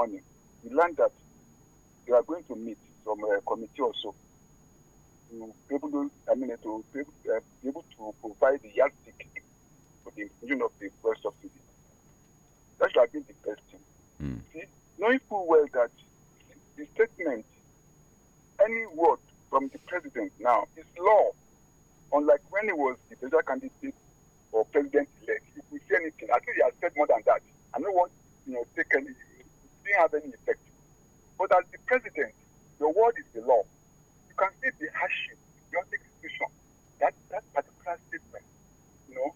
morning, we learned that they are going to meet some uh, committee also to be able to, I mean, to be able, uh, be able to provide the yardstick for the inclusion of the fuel subsidy. That should have been the best thing. Mm. See, knowing full well that the statement, any word from the president now is law. Unlike when he was the presidential candidate or president elect, if we say anything, I think he has said more than that. don't want you know, take any didn't have any effect. But as the president, the word is the law. You can see the hardship, your execution, that, that particular statement, you know,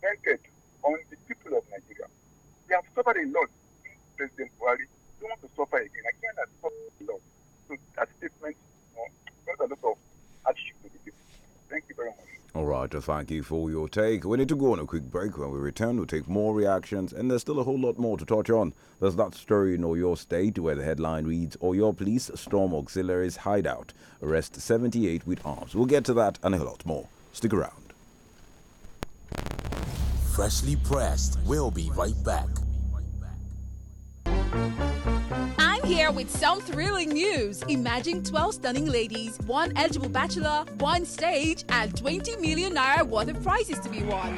centered on the people of Nigeria. They have suffered a lot since President Buhari. They want to suffer again. I cannot suffer a lot. So that statement, you know, got a lot of hardship to the people. Thank you very much. All right, thank you for your take. We need to go on a quick break. When we return, we'll take more reactions, and there's still a whole lot more to touch on. There's that story in your State where the headline reads, "Or your Police storm auxiliaries hideout, arrest 78 with arms." We'll get to that and a lot more. Stick around. Freshly pressed. We'll be right back. Here with some thrilling news. Imagine 12 stunning ladies, one eligible bachelor, one stage, and 20 million naira worth of prizes to be won.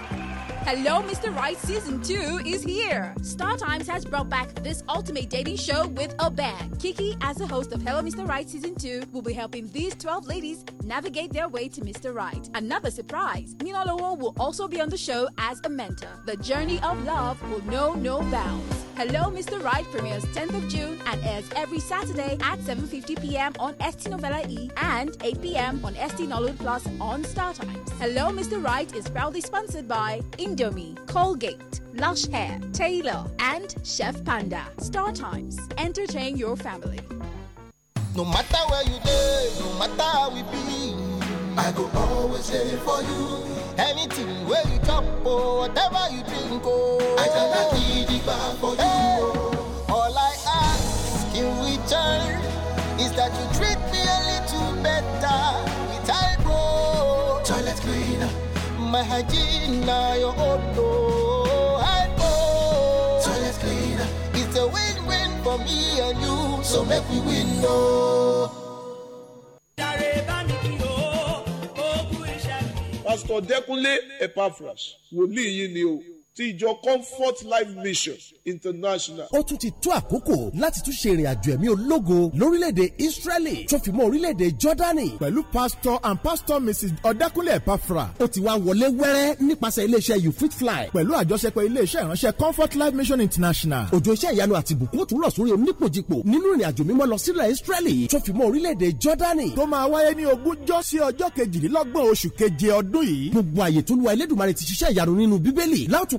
Hello, Mr. Right Season 2 is here. Star Times has brought back this ultimate dating show with a bang. Kiki, as the host of Hello, Mr. Right Season 2, will be helping these 12 ladies navigate their way to Mr. Right. Another surprise, Minalowo will also be on the show as a mentor. The journey of love will know no bounds. Hello Mr. Right premieres 10th of June and airs every Saturday at 7.50 p.m. on ST Novella E and 8 p.m. on ST Nollywood Plus on StarTimes. Hello Mr. Right is proudly sponsored by Indomie, Colgate, Lush Hair, Taylor and Chef Panda. StarTimes, entertain your family. No matter where you live, no matter how we be. I go always there for you. Anything where you jump or oh, whatever you drink, oh. I cannot need it back for hey. you. All I ask in return is that you treat me a little better with eyebrow. Toilet cleaner. My hygiene now your own oh, eyebrow. Toilet cleaner. It's a win-win for me and you, so make we win, oh. pásítọ̀ dẹ́kunlé epaphras wòlíì yìí ni o ti ìjọ Comfort Life Mission International. ó tún ti tó àkókò láti tún ṣe ìrìnàjò ẹ̀mí ológo lórílẹ̀‐èdè Israeli tó fi mọ́ orílẹ̀‐èdè Jordani. pẹ̀lú pastor and pastor Mrs. Ọ̀dẹ́kúnlé Epafra ó ti wá wọlé wẹ́rẹ́ nípasẹ̀ iléeṣẹ́ You Fit Fly pẹ̀lú àjọṣepọ̀ iléeṣẹ́ ìránṣẹ́ Comfort Life Mission International. òjò iṣẹ́ ìyanu àti ìbùkún tún rọ̀ sórí onípòjìpò nínú ìrìnàjò mímọ́ lọ sílẹ̀ Israeli tó fi mọ́ orílẹ̀‐èdè Jordani. tó máa wáyé ní ogúnjọ́ sí ọjọ́ kejìlélọ́gbọ̀n oṣù keje ọdún yìí. gbogbo àyè tó lu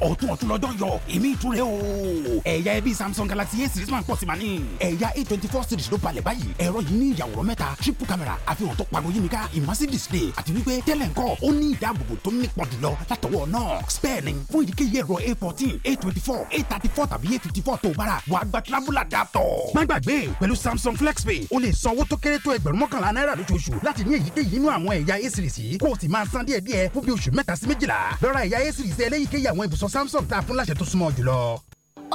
ọ̀tún ọ̀tún lọ́jọ́ yọ èmi ìtúre o. ẹ̀yà ẹbí samsung galaxy a series máa ń pọ̀ sí ma ní. ẹ̀yà a twenty four series ló balẹ̀ báyìí ẹ̀rọ yìí ní ìyàwòrán mẹ́ta triple camera àfihàn tó pariwo yìí nìka immersive display àti wípé tẹ́lẹ̀ ńkọ́ ó ní ìdáàbòbò tó nípọn jùlọ látọwọ́ náà. spare ni fún ìdíkéyìí ẹ̀rọ a fourteen a twenty four a thirty four tàbí a fifty four tó bára wàá gba travel adapter. má gbàgbé pẹ̀lú samsung flexpay o lè san owó tó kéré tó ẹgbẹ̀rún mọ́kànlá náírà lóṣooṣù láti ní èyíkéyìí inú àwọn ẹ̀yà a series yìí kó o sì máa san díẹ̀díẹ̀ fún bí oṣù mẹ́ta sí méjìlá lọ́ra ẹ̀yà a series èyíkéyìí àwọn ibùsọ̀ Samsung tá a fún láṣẹ tó súnmọ́ jùlọ.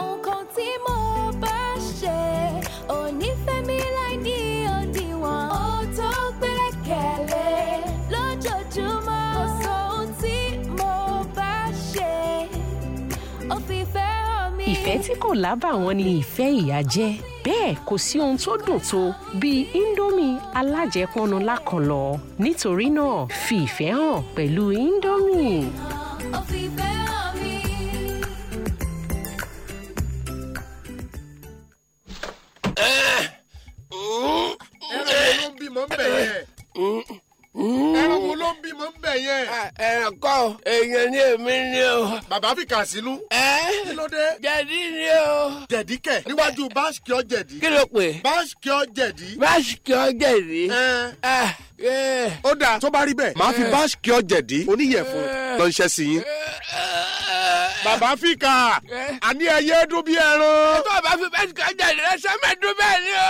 nǹkan tí mo bá ṣe ò ní fẹ́ mi láì ní òdiwọ̀n ó tó gbẹ́kẹ̀lé lójoojúmọ́ kò sọ ohun tí mo bá ṣe ó fi fẹ́ hàn mí. ìfẹ́ tí kò lábàwọ́n ni ìfẹ́ ìyá jẹ́ bẹ́ẹ̀ kò sí ohun tó dùn tó bíi indomie alájẹpọnu lákànlọ́ nítorí náà fi ìfẹ́ hàn pẹ̀lú indomie. Eh. ẹran ló ń bímọ ń bẹ̀rẹ̀. Eh ẹran mm. wo ló ń bímọ ń bẹ yẹn. Ah, ẹran kọ èèyàn ni èmi ni o. bàbá fi kà sílú. ẹ kí ló dé. jẹ̀dí ni o. jẹ̀dí kẹ̀ níwájú báṣkìọ́ jẹ̀dí. kí ló pè. báṣkìọ́ jẹ̀dí. báṣkìọ́ jẹ̀dí. Ah, ó dáa tó bá rí bẹ́ẹ̀ máa fi báṣkìọ́ jẹ̀dí oníyẹ̀fun lọ ṣẹ́ sí yín. bàbá fi àní ẹyẹ dún bí ẹran. ètò àbáfi báṣkìọ́ jẹ̀dí rẹ sẹ́mẹ̀ẹ́dún bẹ́ẹ̀ ni o.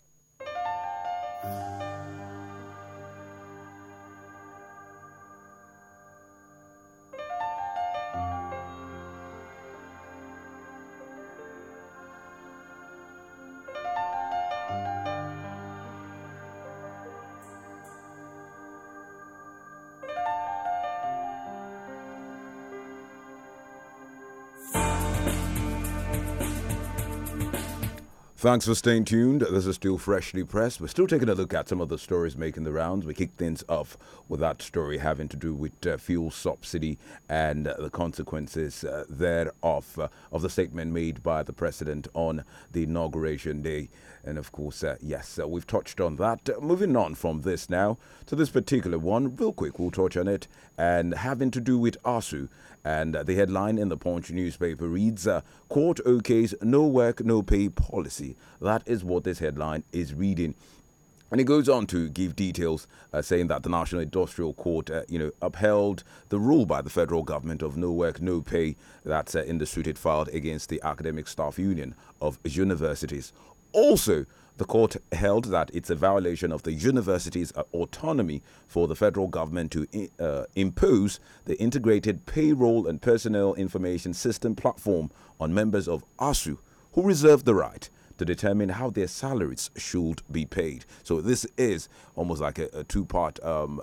Thanks for staying tuned. This is still freshly pressed. We're still taking a look at some of the stories making the rounds. We kick things off with that story having to do with uh, fuel subsidy and uh, the consequences uh, thereof uh, of the statement made by the president on the inauguration day. And of course, uh, yes, uh, we've touched on that. moving on from this now to this particular one, real quick, we'll touch on it and having to do with ASU and the headline in the Punch newspaper reads uh, Court OKs No Work, No Pay policy. That is what this headline is reading. And it goes on to give details uh, saying that the National Industrial Court, uh, you know, upheld the rule by the federal government of no work, no pay that's uh, in the suit it filed against the Academic Staff Union of Universities. Also, the court held that it's a violation of the university's autonomy for the federal government to uh, impose the integrated payroll and personnel information system platform on members of ASU, who reserve the right to determine how their salaries should be paid. So this is almost like a, a two-part um,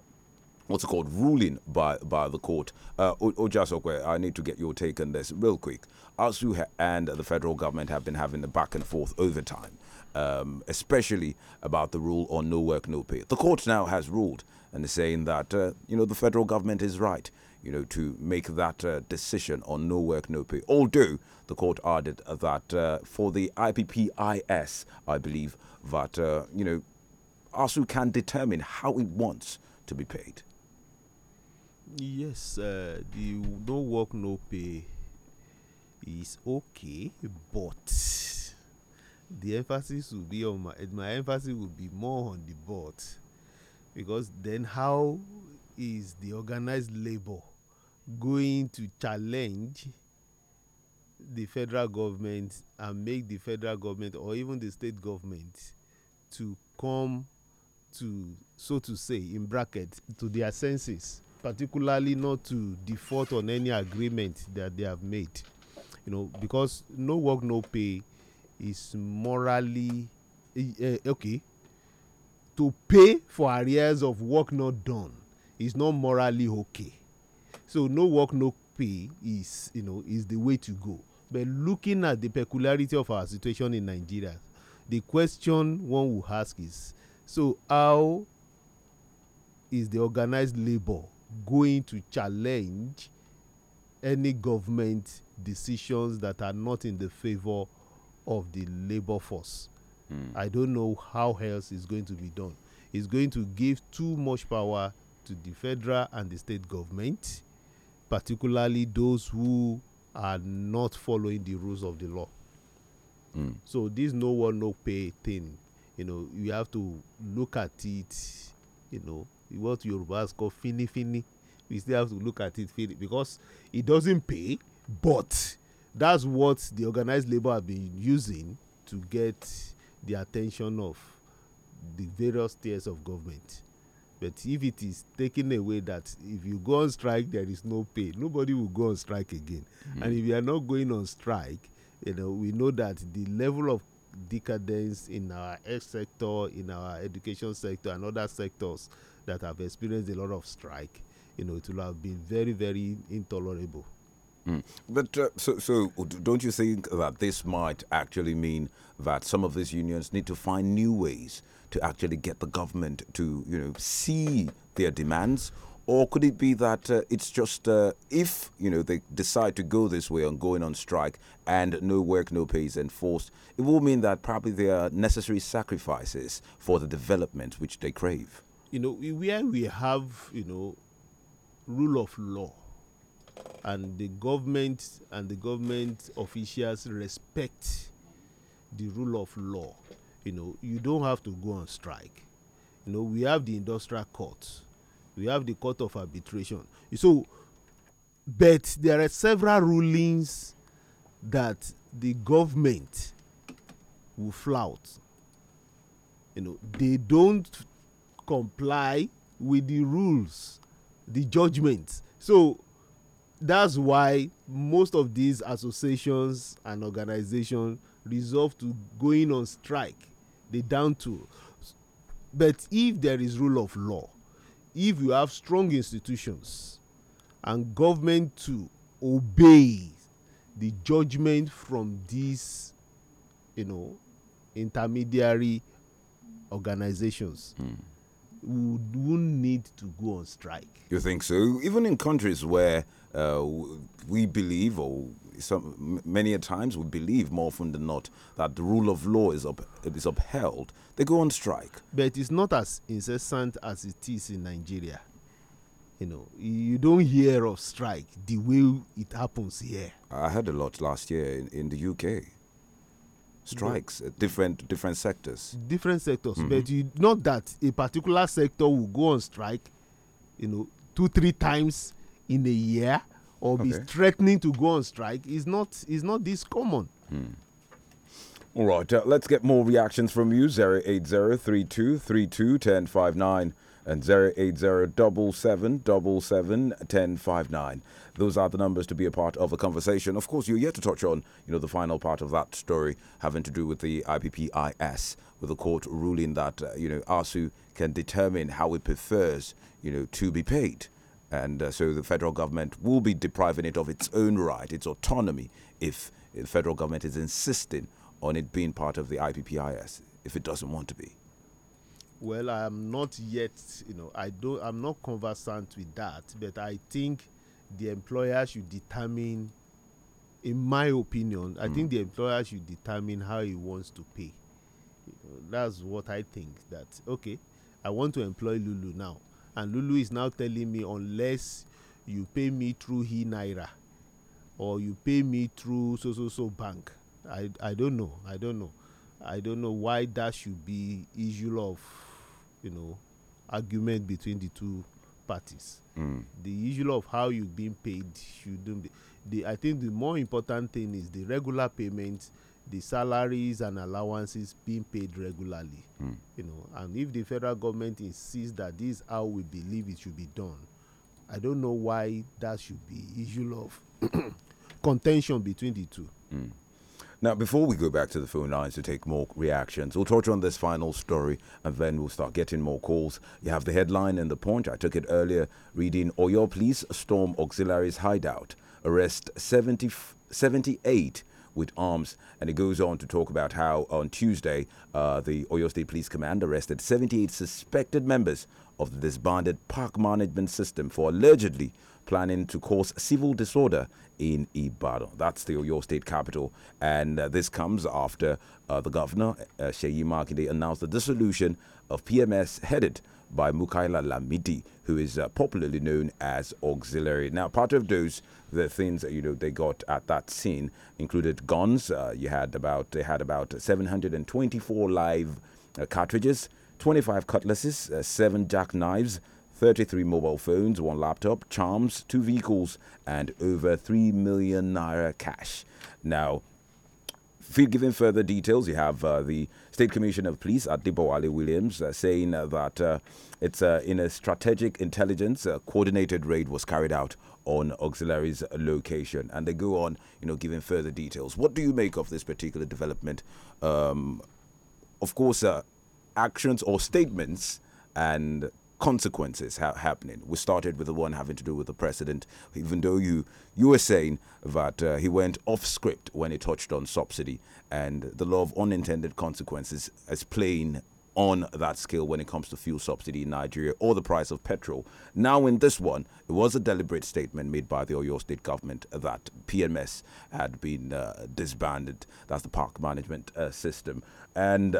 what's it called ruling by by the court. Uh, Ojasokwe, I need to get your take on this real quick. ASU and the federal government have been having a back and forth over time um, especially about the rule on no work, no pay. The court now has ruled and is saying that, uh, you know, the federal government is right, you know, to make that uh, decision on no work, no pay. Although the court added that uh, for the IPPIS, I believe that, uh, you know, ASU can determine how it wants to be paid. Yes, uh, the no work, no pay is okay, but the emphasis will be on my my emphasis will be more on the board because then how is the organized labour going to challenge the federal government and make the federal government or even the state government to come to so to say in bracket to their senses particularly not to default on any agreement that they have made you know because no work no pay is morally uh, okay to pay for arrears of work not done is not morally okay so no work no pay is you know is the way to go but looking at the peculiarity of our situation in nigeria the question one will ask is so how is the organized labour going to challenge any government decisions that are not in the favour of the labor force. Mm. I don't know how else it's going to be done. It's going to give too much power to the federal and the state government, particularly those who are not following the rules of the law. Mm. So this no one no pay thing, you know, you have to look at it, you know, what Yorubas call fini fini. We still have to look at it fini because it doesn't pay, but that's what the organized labor have been using to get the attention of the various tiers of government but if it is taken away that if you go on strike there is no pay nobody will go on strike again mm. and if you are not going on strike you know we know that the level of decadence in our health sector in our education sector and other sectors that have experienced a lot of strike you know it will have been very very intolerable Mm. But uh, so, so don't you think that this might actually mean that some of these unions need to find new ways to actually get the government to, you know, see their demands? Or could it be that uh, it's just uh, if, you know, they decide to go this way on going on strike and no work, no pay is enforced, it will mean that probably there are necessary sacrifices for the development which they crave? You know, where we have, you know, rule of law, and the government and the government officials respect the rule of law you know you don't have to go on strike you know we have the industrial court we have the court of arbitration so but there are several rulings that the government will flout you know they don't comply with the rules the judgments so that's why most of these associations and organizations resolve to going on strike they down to but if there is rule of law if you have strong institutions and government to obey the judgment from these you know intermediary organizations mm would not need to go on strike. You think so? Even in countries where uh, we believe, or some, many a times we believe more often than not, that the rule of law is, up, is upheld, they go on strike. But it's not as incessant as it is in Nigeria. You know, you don't hear of strike the way it happens here. I heard a lot last year in, in the UK strikes no. different different sectors different sectors mm -hmm. but you know that a particular sector will go on strike you know two three times in a year or okay. be threatening to go on strike is not is not this common mm. all right uh, let's get more reactions from you three two ten five nine and 080-777-1059. Those are the numbers to be a part of a conversation. Of course, you're yet to touch on, you know, the final part of that story having to do with the IPPIS, with the court ruling that, uh, you know, ASU can determine how it prefers, you know, to be paid. And uh, so the federal government will be depriving it of its own right, its autonomy, if the federal government is insisting on it being part of the IPPIS, if it doesn't want to be well i am not yet you know i don't i'm not conversant with that but i think the employer should determine in my opinion i mm. think the employer should determine how he wants to pay you know, that's what i think that okay i want to employ lulu now and lulu is now telling me unless you pay me through he naira or you pay me through so so so bank i i don't know i don't know i don't know why that should be issue of you know, argument between the two parties. Mm. The issue of how you've been paid shouldn't be. The, I think the more important thing is the regular payments, the salaries and allowances being paid regularly. Mm. You know, and if the federal government insists that this is how we believe it should be done, I don't know why that should be issue of contention between the two. Mm. Now, before we go back to the phone lines to take more reactions, we'll touch on this final story and then we'll start getting more calls. You have the headline and the point. I took it earlier reading Oyo Police Storm Auxiliaries Hideout, arrest 70, 78 with arms. And it goes on to talk about how on Tuesday, uh, the Oyo State Police Command arrested 78 suspected members of the disbanded park management system for allegedly planning to cause civil disorder in Ibadan. That's the your State capital. And uh, this comes after uh, the governor, uh, Sheyi Makinde, announced the dissolution of PMS headed by Mukaila Lamidi, who is uh, popularly known as Auxiliary. Now, part of those the things that you know they got at that scene included guns. Uh, you had about they had about 724 live uh, cartridges, 25 cutlasses, uh, seven jackknives, 33 mobile phones, one laptop, charms, two vehicles, and over 3 million naira cash. Now, giving further details, you have uh, the State Commission of Police at Ali Williams uh, saying uh, that it's uh, in a strategic intelligence coordinated raid was carried out on auxiliaries location, and they go on, you know, giving further details. What do you make of this particular development? Um, of course, uh, actions or statements and consequences ha- happening. We started with the one having to do with the president, even though you you were saying that uh, he went off script when he touched on subsidy and the law of unintended consequences as playing on that scale when it comes to fuel subsidy in Nigeria or the price of petrol. Now, in this one, it was a deliberate statement made by the Oyo state government that PMS had been uh, disbanded. That's the park management uh, system. And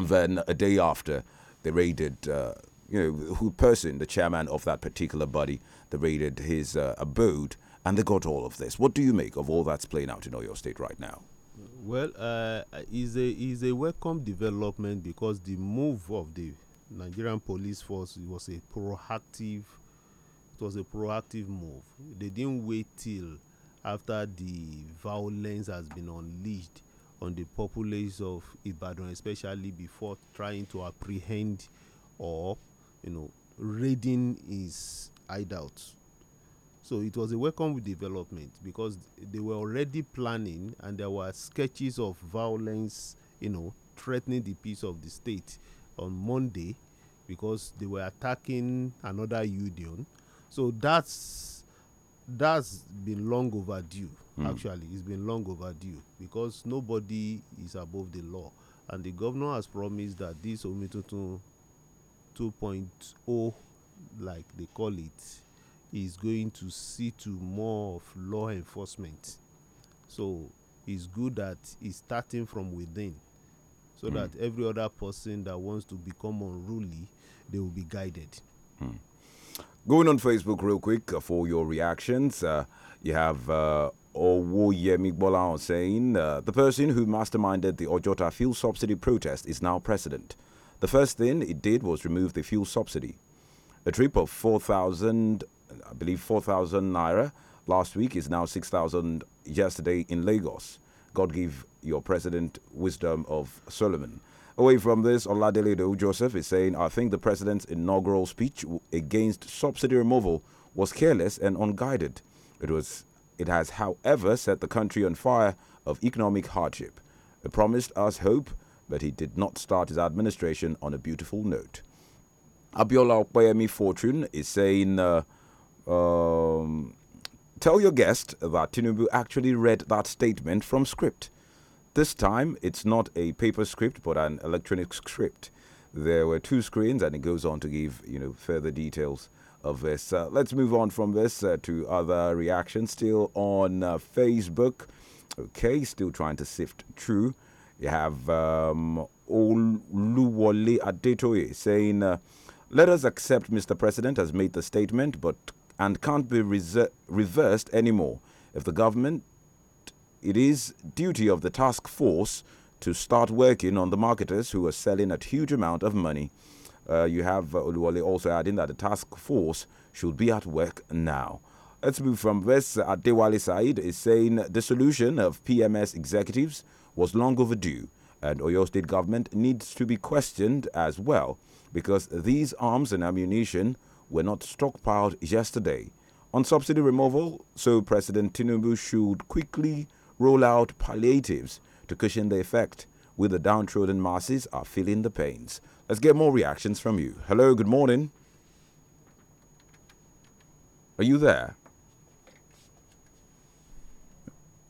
then a day after, they raided uh, you know, who person, the chairman of that particular body, that raided his uh, abode, and they got all of this. What do you make of all that's playing out in Oyo State right now? Well, uh, is a is a welcome development because the move of the Nigerian police force was a proactive. It was a proactive move. They didn't wait till after the violence has been unleashed on the populace of Ibadan, especially before trying to apprehend or you know, raiding his hideout. So it was a welcome development because they were already planning and there were sketches of violence, you know, threatening the peace of the state on Monday because they were attacking another union. So that's that's been long overdue. Mm. Actually, it's been long overdue because nobody is above the law, and the governor has promised that this Omitutu 2.0 like they call it is going to see to more of law enforcement so it's good that it's starting from within so mm. that every other person that wants to become unruly they will be guided mm. going on facebook real quick uh, for your reactions uh, you have uh, Owoyemi saying, uh, the person who masterminded the Ojota fuel subsidy protest is now president. The first thing it did was remove the fuel subsidy. A trip of 4,000, I believe 4,000 naira last week is now 6,000 yesterday in Lagos. God give your president wisdom of Solomon. Away from this, Oladele Deu Joseph is saying, I think the president's inaugural speech against subsidy removal was careless and unguided. It was it has, however, set the country on fire of economic hardship. It promised us hope but he did not start his administration on a beautiful note. Abiola Okoyemi Fortune is saying, uh, um, Tell your guest that Tinubu actually read that statement from script. This time, it's not a paper script, but an electronic script. There were two screens, and it goes on to give you know further details of this. Uh, let's move on from this uh, to other reactions. Still on uh, Facebook. Okay, still trying to sift through. You have um, Oluwole Adetoye saying, uh, Let us accept Mr. President has made the statement but and can't be reversed anymore. If the government, it is duty of the task force to start working on the marketers who are selling at huge amount of money. Uh, you have uh, Oluwole also adding that the task force should be at work now. Let's move from this. Adewale Said is saying the solution of PMS executives – was long overdue and Oyo State government needs to be questioned as well because these arms and ammunition were not stockpiled yesterday. On subsidy removal, so President Tinubu should quickly roll out palliatives to cushion the effect with the downtrodden masses are feeling the pains. Let's get more reactions from you. Hello, good morning. Are you there?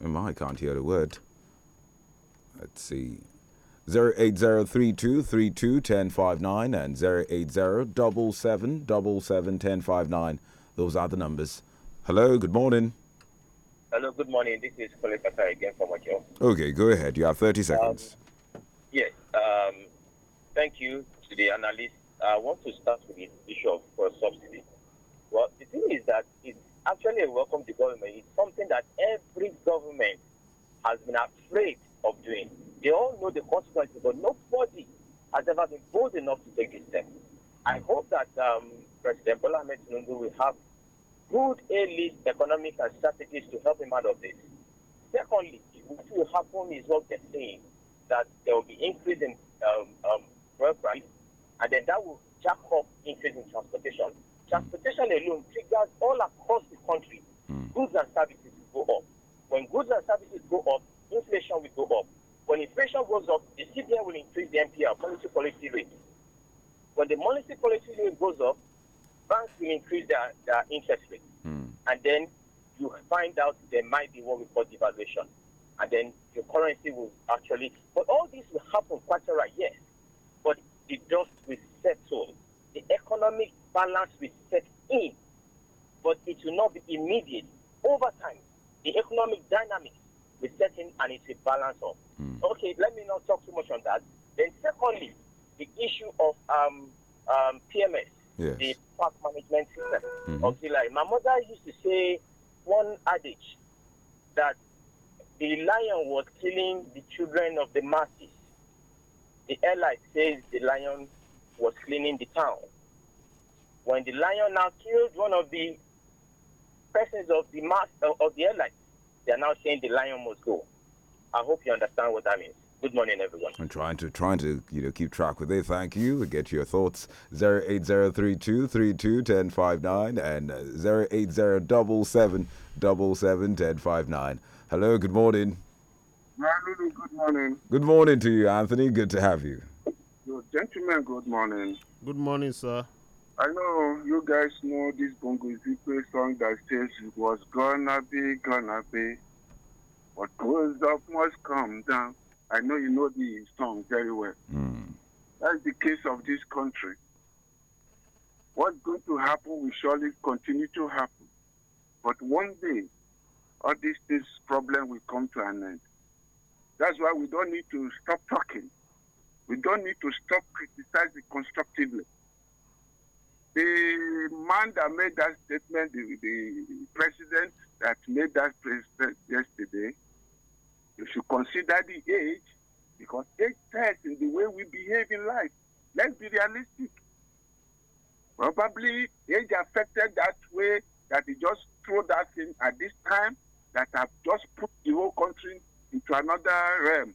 Oh, I can't hear a word. Let's see. 08032321059 and 08077771059. Those are the numbers. Hello, good morning. Hello, good morning. This is Kolekata again from job. Okay, go ahead. You have 30 seconds. Um, yes. Um, thank you to the analyst. I want to start with the issue of uh, subsidy. Well, the thing is that it's actually a welcome to government. It's something that every government has been afraid of doing. They all know the consequences, but nobody has ever been bold enough to take this step. I hope that um, President Bola Ahmed Tinubu will have good a economic and strategies to help him out of this. Secondly, what will happen is what they're saying, that there will be increase in um, um, fuel price, and then that will jack up increase in transportation. Transportation alone triggers all across the country. Hmm. Goods and services go up. When goods and services go up, inflation will go up. When inflation goes up, the CPI will increase the MPR, monetary policy rate. When the monetary policy rate goes up, banks will increase their, their interest rate. Mm. And then you find out there might be what we call devaluation. And then your currency will actually, but all this will happen quite a right, yes. But the dust will settle. The economic balance will set in, but it will not be immediate. Over time, the economic dynamics is setting and it's a balance of. Mm. Okay, let me not talk too much on that. Then, secondly, the issue of um, um, PMS, yes. the park management system mm-hmm. lion. My mother used to say one adage that the lion was killing the children of the masses. The airline says the lion was cleaning the town. When the lion now killed one of the persons of the mass of the airline, they are now saying the lion must go. I hope you understand what that means. Good morning, everyone. I'm trying to trying to you know keep track with it. Thank you. Get your thoughts zero eight zero three two three two ten five nine and zero eight zero double seven double seven ten five nine. Hello. Good morning. Good morning. Good morning to you, Anthony. Good to have you. Good gentlemen. Good morning. Good morning, sir. I know you guys know this Bongo Zikwe song that says it was gonna be, gonna be. but goes up must come down. I know you know the song very well. Mm. That's the case of this country. What's going to happen will surely continue to happen. But one day, all this, this problem will come to an end. That's why we don't need to stop talking. We don't need to stop criticizing constructively the man that made that statement, the, the president that made that statement yesterday, you should consider the age because age tells in the way we behave in life. Let's be realistic. Probably age affected that way that he just threw that thing at this time that have just put the whole country into another realm.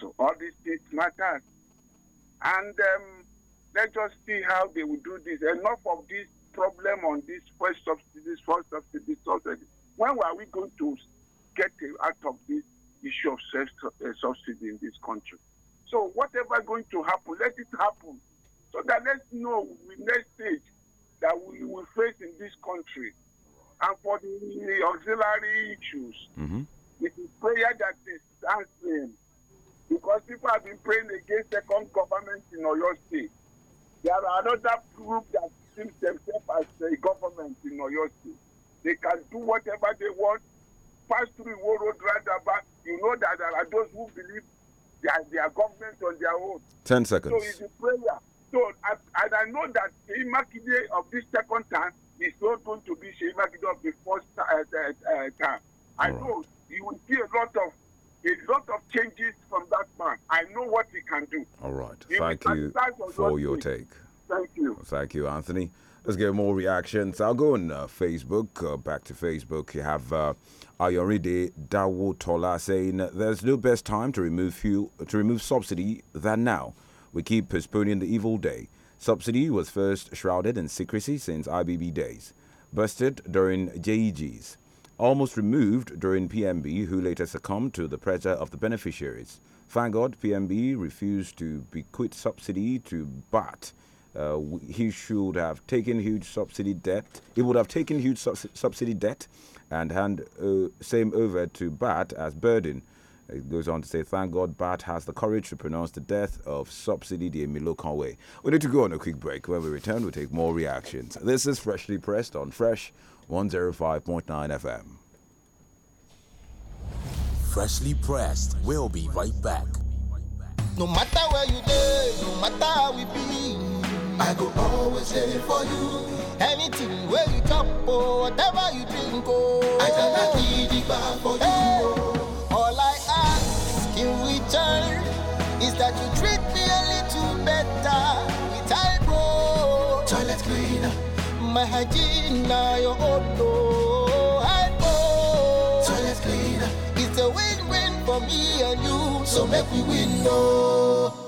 So all these things matter. And um, let us see how they will do this. Enough of this problem on this first subsidies, first subsidies, subsidies. When are we going to get out of this issue of self uh, subsidy in this country? So whatever going to happen, let it happen. So that let's know the next stage that we will face in this country. And for the, auxiliary issues, mm-hmm. it is prayer that is answering. Because people have been praying against second government in Oyo State. There are another group that sees themselves as a government in Oyo State. They can do whatever they want, pass through world Road roundabout. You know that there are those who believe they are, they are government on their own. Ten seconds. So it's a prayer. So, and, I know that Imakide of this second time is not going to be Imakide of the first uh, uh, uh time. I right. know you will see a lot of a lot of changes from that man. I know what he can do. All right. Thank you for your take. Thank you. Thank you, Anthony. Let's get more reactions. I'll go on uh, Facebook. Uh, back to Facebook. You have uh, Ayoride Dawotola saying, "There's no best time to remove fuel to remove subsidy than now. We keep postponing the evil day. Subsidy was first shrouded in secrecy since IBB days, busted during JEGs almost removed during PMB, who later succumbed to the pressure of the beneficiaries. Thank God, PMB refused to bequeath subsidy to BAT. Uh, he should have taken huge subsidy debt. He would have taken huge sub subsidy debt and hand uh, same over to BAT as burden. It goes on to say, thank God BAT has the courage to pronounce the death of subsidy de Milo Conway. We need to go on a quick break. When we return, we'll take more reactions. This is Freshly Pressed on Fresh 105.9 FM. Freshly pressed. We'll be right back. No matter where you no matter how we be, I go always there for you. Anything where you or whatever you drink, oh, I you. Eh, all I ask in return is that you treat me a little better. Mahajina, your Odo, oh I owe. Oh. So let's clean It's a win win for me and you, so make we win, no. Oh.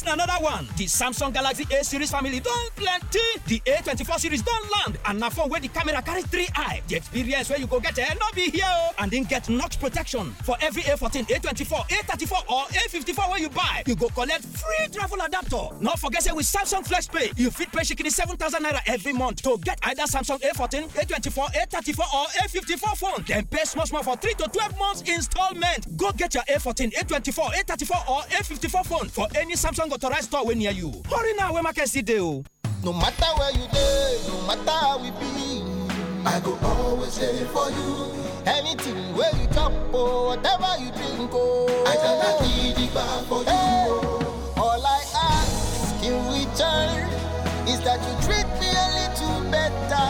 dis na anoda one the samsung galaxy a series family don plenty the a24 series don land and na phone wey the camera carry three eye The experience wey you go get eh no be here o oh. and e get knox protection for every a14 a24 a34 or a54 wey you buy you go collect free travel adapter no forget say with samsung flex pay you fit pay shikini thousand naira every month to get either samsung a14 a24 a34 or a54 phone Then pay small small for three to twelve months installment go get your a14 a24 a34 or a54 phone for any samsung strong authorized store wey near you hurry now wey market still dey o. Oh. no matter where you dey no matter how we be i go always dey for you anything wey you chop o oh, whatever you drink o. Oh. i gada gidigba for you o. all i ask in return is that you treat me a little better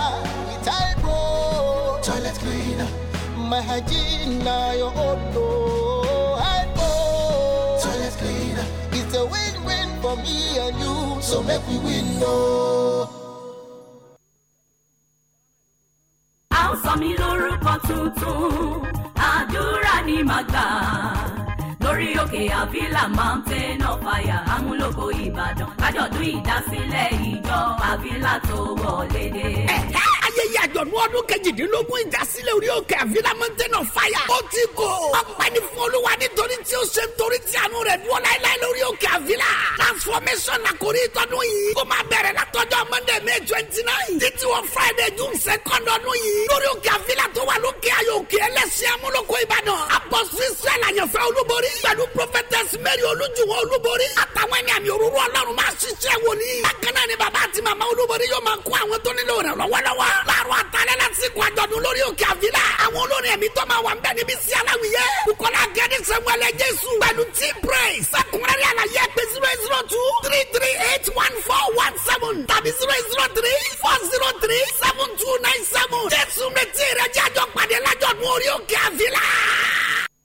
with ibo. toilet cleaner. my hygiene na your own o. for me and you, so make we win, no. À ń sọ mí lórúkọ tuntun, àdúrà ni màá gbà. Lórí òkè Avila Mountain of Fire, Amúlòkó Ìbàdàn, lájọ̀dún ìdásílẹ̀ ìjọ Avila tó wọlé dé. Ẹ̀ka! níbi àjọ̀dún ọdún kejìdínlógún ìdásílẹ̀ orí òkè àfilà mountain of fire ó ti kò ọpẹ́ ní fún olúwa nítorí tí ó ṣe nítorí tí àánú rẹ̀ dúró láéláé lórí òkè àfilà transformation àkórí ìtọ́dún yìí kó máa bẹ̀rẹ̀ látọjọ́ monday may twenty nine títí wọ friday june second ọdún yìí lórí òkè àfilà tó wà lókè ayò òkè ẹlẹ́sìn amúlòkọ ìbàdàn apọ́sítì sẹ́lẹ̀ àyànfẹ́ olúborí pẹ̀lú prophetess mary olújùwọ̀n olúborí àtàwọn ẹni àmì òróró ọlọ́run máa ṣiṣẹ́ wòlíì bákan náà ni bàbá àti màmá olúborí yóò máa kó àwọn tó nílò rẹ̀ lọ́wọ́lọ́wọ́ àtàlẹ́ láti sìnkú àjọ̀dún lórí òkè àfilà. àwọn olórin ẹ̀mí tó máa wà ń bẹ̀ níbi sí aláwìyé. bukola gẹ́ni sẹ́wọ́lẹ̀ jésù pẹ̀lú tí praise. sẹ́kùnrẹ́rẹ́ àlàyé pé zero zero two three three eight one four one seven tàbí zero zero three four zero three seven two nine seven. jésù mi tí ìrẹ́jẹ́ àjọ pàdé lájọ̀dún orí òkè àfilà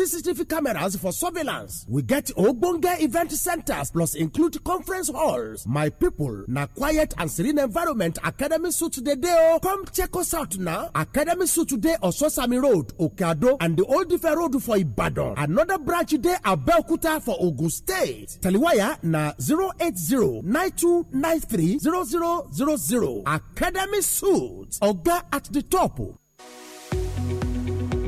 CCTV cameras for surveillance. We get Ogbonge event centers plus include conference halls. My people, na quiet and serene environment Academy Suit today dey o. Come check us out now. Academy Suit today Sosami Road, Okeado and the Old Ife Road for Ibadan. Another branch at Belkuta for Ogun State. Taliwaya na 08092930000. Academy Suit, Oga at the top.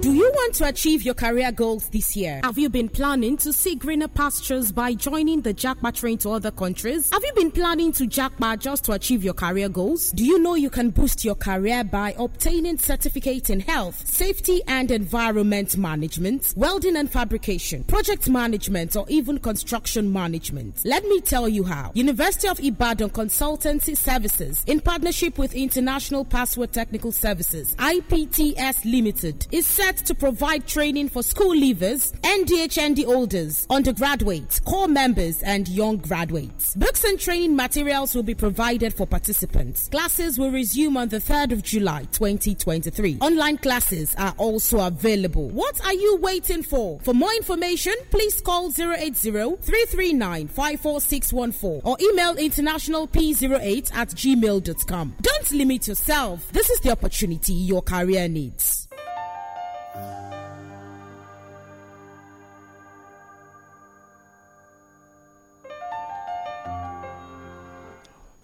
Do you want to achieve your career goals this year? Have you been planning to see greener pastures by joining the Jackpa train to other countries? Have you been planning to Jackpa just to achieve your career goals? Do you know you can boost your career by obtaining certificate in health, safety and environment management, welding and fabrication, project management or even construction management? Let me tell you how. University of Ibadan Consultancy Services in partnership with International Password Technical Services, IPTS Limited, is set set to provide training for school leavers, NDHND holders, undergraduates, core members, and young graduates. Books and training materials will be provided for participants. Classes will resume on the 3rd of July 2023. Online classes are also available. What are you waiting for? For more information, please call 080-339-54614 or email internationalp08 at gmail.com. Don't limit yourself. This is the opportunity your career needs.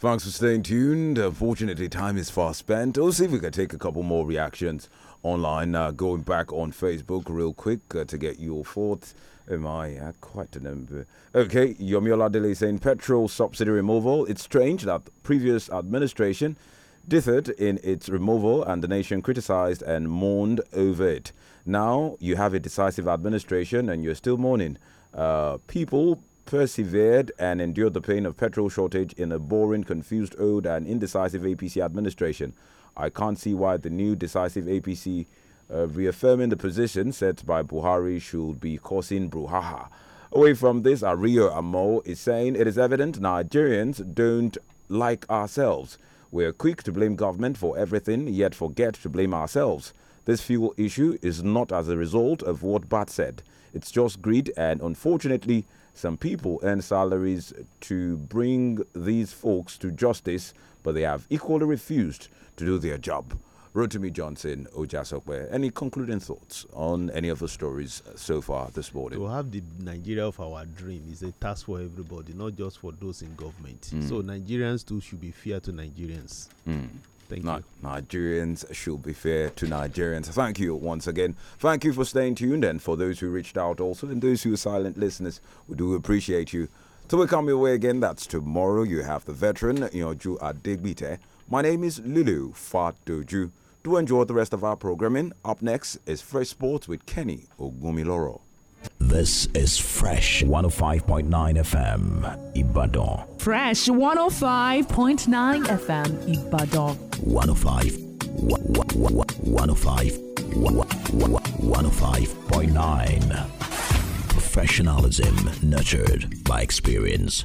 Thanks for staying tuned. Unfortunately, time is fast spent. We'll see if we can take a couple more reactions online. Uh, going back on Facebook real quick uh, to get your thoughts. Am I? Uh, quite a number. Okay, Yomiola Dele saying petrol subsidy removal. It's strange that previous administration dithered in its removal and the nation criticized and mourned over it. Now you have a decisive administration and you're still mourning. Uh, people persevered and endured the pain of petrol shortage in a boring, confused, old, and indecisive APC administration. I can't see why the new decisive APC uh, reaffirming the position set by Buhari should be causing brouhaha. Away from this, Ario Amo is saying it is evident Nigerians don't like ourselves. We are quick to blame government for everything, yet forget to blame ourselves. This fuel issue is not as a result of what Bat said. It's just greed, and unfortunately, some people earn salaries to bring these folks to justice, but they have equally refused to do their job. Rotimi Johnson, Ojasokwe. Any concluding thoughts on any of the stories so far this morning? To have the Nigeria of our dream is a task for everybody, not just for those in government. Mm. So Nigerians too should be fair to Nigerians. Mm. Thank Ni you. Nigerians should be fair to Nigerians. Thank you once again. Thank you for staying tuned and for those who reached out also and those who are silent listeners. We do appreciate you. So we come your way again, that's tomorrow. You have the veteran, Yoju Adigbite. My name is Lulu Fatoju. Do enjoy the rest of our programming. Up next is Fresh Sports with Kenny Ogumiloro. This is Fresh 105.9 FM, Ibadan. Fresh 105.9 FM, Ibadan. 105. 105. 105.9. Professionalism nurtured by experience.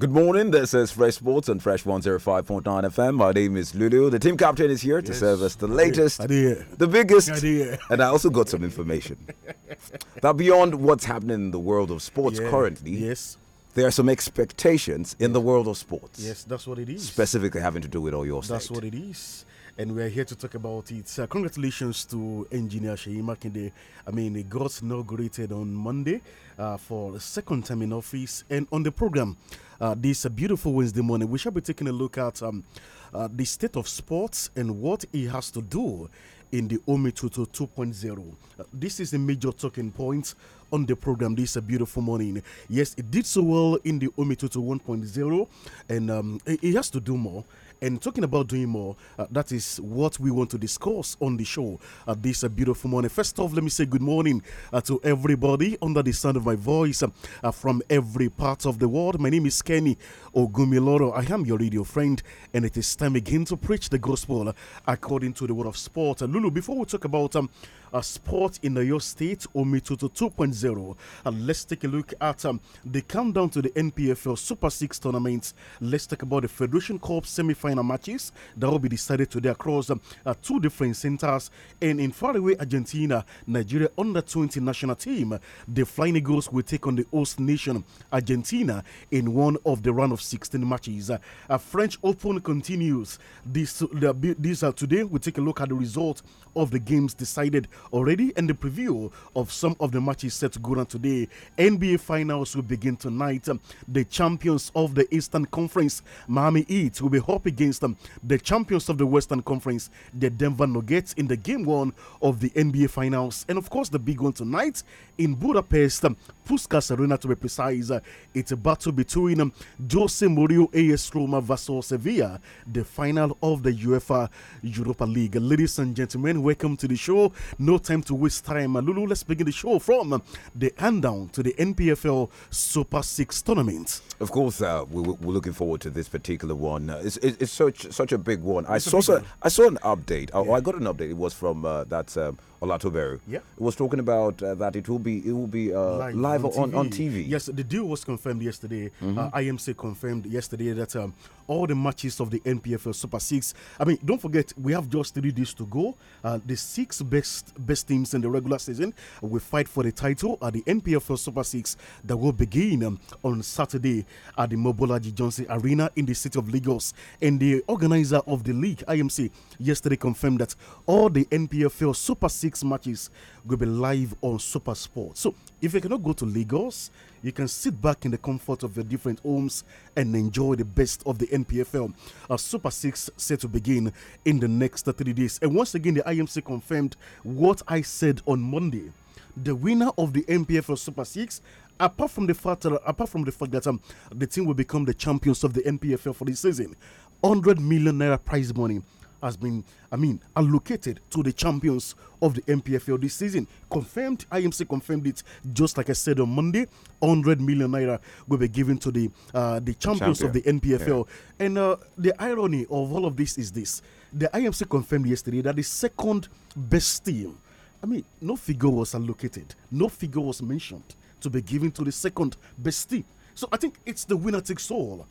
Good morning. This is Fresh Sports on Fresh 105.9 FM. My name is Lulu. The team captain is here yes. to serve us the latest, the biggest, and I also got some information that beyond what's happening in the world of sports yeah. currently, yes, there are some expectations in the world of sports. Yes, that's what it is. Specifically having to do with all your That's what it is and we're here to talk about it. Uh, congratulations to engineer Sheima Kinde. I mean, he got inaugurated on Monday uh, for the second time in office. And on the program, uh, this beautiful Wednesday morning, we shall be taking a look at um, uh, the state of sports and what he has to do in the Omituto 2.0. Uh, this is a major talking point on the program this a uh, beautiful morning. Yes, it did so well in the Omituto 1.0, and um, it, it, has to do more. And talking about doing more, uh, that is what we want to discuss on the show uh, this uh, beautiful morning. First off, let me say good morning uh, to everybody under the sound of my voice uh, from every part of the world. My name is Kenny Ogumiloro. I am your radio friend, and it is time again to preach the gospel according to the word of sport. Uh, Lulu, before we talk about um, uh, sport in your state, Omituto 2.0, uh, let's take a look at um, the countdown to the NPFL Super Six tournament. Let's talk about the Federation Cup semi final matches that will be decided today across um, uh, two different centers. And in faraway Argentina, Nigeria under 20 national team, the Flying Eagles will take on the host nation, Argentina, in one of the round of of 16 matches. Uh, uh, French Open continues this, uh, this uh, today. We take a look at the result of the games decided already and the preview of some of the matches set to go on today. NBA finals will begin tonight. Um, the champions of the Eastern Conference, Miami Heat, will be up against um, the champions of the Western Conference, the Denver Nuggets, in the game one of the NBA finals. And of course, the big one tonight in Budapest, um, Puskas Arena to be precise. Uh, it's a battle between um, Joe Jose Mourinho AS Roma vs Sevilla, the final of the UEFA Europa League. Ladies and gentlemen, welcome to the show. No time to waste time. Lulu, let's begin the show from the hand down to the NPFL Super Six tournament. Of course, uh, we, are looking forward to this particular one. Uh, it's, it's, it's, such such a big one. I saw a I saw an update. Oh, yeah. I, I got an update. It was from uh, that. Um, Olatoveru. Yeah. Was talking about uh, that it will be it will be uh, live, live, on, on TV. on, TV. Yes, the deal was confirmed yesterday. Mm -hmm. uh, IMC confirmed yesterday that um, all the matches of the NPFL Super Six. I mean, don't forget we have just three days to go. Uh, the six best best teams in the regular season will fight for the title at the NPFL Super Six that will begin um, on Saturday at the Mobolaji Johnson Arena in the city of Lagos. And the organizer of the league, IMC, yesterday confirmed that all the NPFL Super Six six matches will be live on Super Sport. So if you cannot go to Lagos, you can sit back in the comfort of your different homes and enjoy the best of the NPFL. A Super Six set to begin in the next three days. And once again, the IMC confirmed what I said on Monday. The winner of the NPFL Super Six apart from the fact apart from the fact that um, the team will become the champions of the NPFL for this season, 100 million naira prize money has been, I mean, allocated to the champions of the MPFL this season. Confirmed, IMC confirmed it just like I said on Monday. 100 million naira will be given to the uh, the champions Champion. of the NPFL. Yeah. And uh, the irony of all of this is this: the IMC confirmed yesterday that the second best team, I mean, no figure was allocated, no figure was mentioned to be given to the second best team. So I think it's the winner takes all.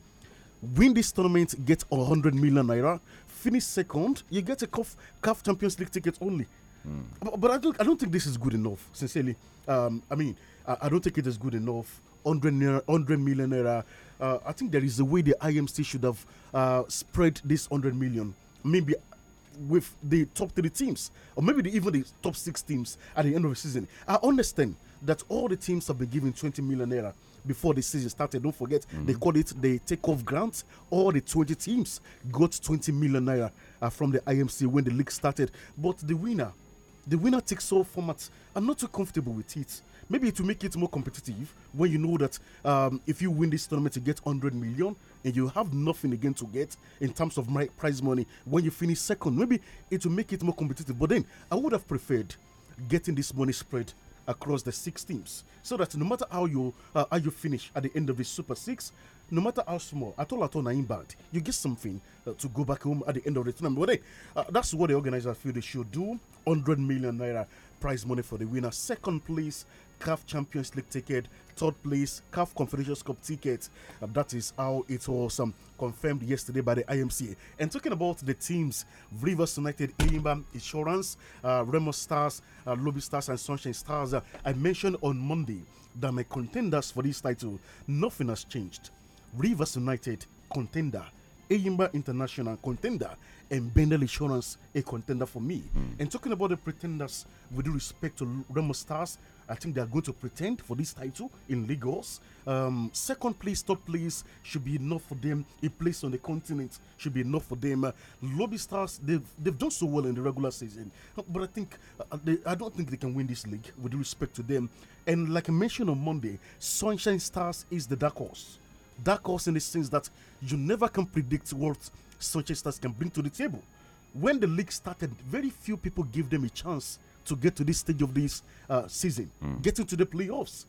Win this tournament, get 100 million naira finish second, you get a CAF, CAF Champions League ticket only. Mm. But, but, I don't I don't think this is good enough. Sincerely, um, I mean, I, I, don't think it is good enough. 100, 100 million era. Uh, I think there is a way the IMC should have uh, spread this 100 million. Maybe with the top three teams, or maybe the, even the top six teams at the end of the season. I understand that all the teams have been given 20 million naira before the season started. Don't forget, mm -hmm. they mm-hmm. called it the takeoff grant. All the 20 teams got 20 million naira uh, from the IMC when the league started. But the winner, the winner takes all formats. I'm not too comfortable with it. Maybe to make it more competitive when you know that um, if you win this tournament, you get 100 million and you have nothing again to get in terms of prize money when you finish second. Maybe it will make it more competitive. But then I would have preferred getting this money spread across the six teams, so that no matter how you uh, how you finish at the end of the Super Six, no matter how small, at all at all, band, you get something uh, to go back home at the end of the tournament. But hey, uh, that's what the organizers feel they should do. 100 million naira prize money for the winner. Second place CAF Champions League ticket, third place CAF Confederations Cup ticket. that is how it was um, confirmed yesterday by the IMC. And talking about the teams, Rivers United, Elimba Insurance, uh, Remo Stars, uh, Lobby Stars, and Sunshine Stars, uh, I mentioned on Monday that my contenders for this title, nothing has changed. Rivers United, contender. Eyimba International contender and Bendel Insurance a contender for me. Mm. And talking about the pretenders with respect to Remo Stars, I think they are going to pretend for this title in Lagos. Um, second place, third place should be enough for them. A place on the continent should be enough for them. Uh, Lobby Stars, they've, they've done so well in the regular season, uh, but I think uh, uh, they, I don't think they can win this league with respect to them. And like I mentioned on Monday, Sunshine Stars is the dark horse. Dark horse in the sense that you never can predict what Sunshine Stars can bring to the table. When the league started, very few people gave them a chance to get to this stage of this uh, season, mm. getting to the playoffs.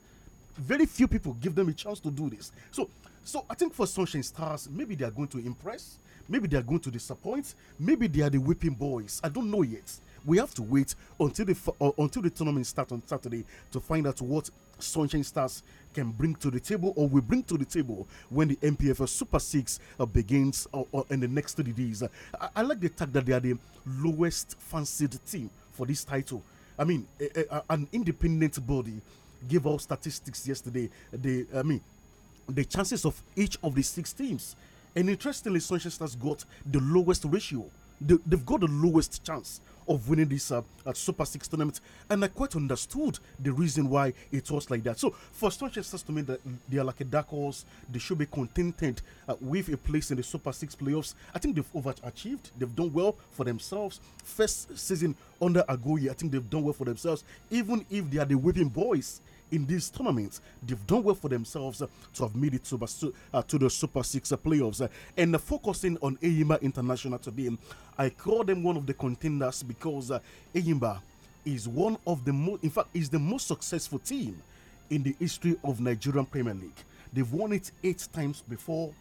Very few people give them a chance to do this. So, so I think for Sunshine Stars, maybe they are going to impress, maybe they are going to disappoint, maybe they are the whipping boys. I don't know yet. We have to wait until the uh, until the tournament starts on Saturday to find out what Sunshine Stars can bring to the table or will bring to the table when the MPFL Super Six uh, begins uh, uh, in the next 30 days. Uh, I, I, like the fact that they are the lowest fancied team for this title. I mean, a, a, an independent body gave out statistics yesterday. The I mean, the chances of each of the six teams, and interestingly, Sunshine has got the lowest ratio. they've got the lowest chance of winning this uh, Super Six tournament, and I quite understood the reason why it was like that. So for Stoichet says to me that they are like a dark horse; they should be contented uh, with a place in the Super Six playoffs. I think they've overachieved; they've done well for themselves. First season under Agoye, I think they've done well for themselves, even if they are the whipping boys in these tournaments. They've done well for themselves uh, to have made it to, uh, to the Super Six uh, playoffs. Uh, and focusing on Eyimba International today, I call them one of the contenders because uh, is one of the most, in fact, is the most successful team in the history of Nigerian Premier League. They've won it eight times before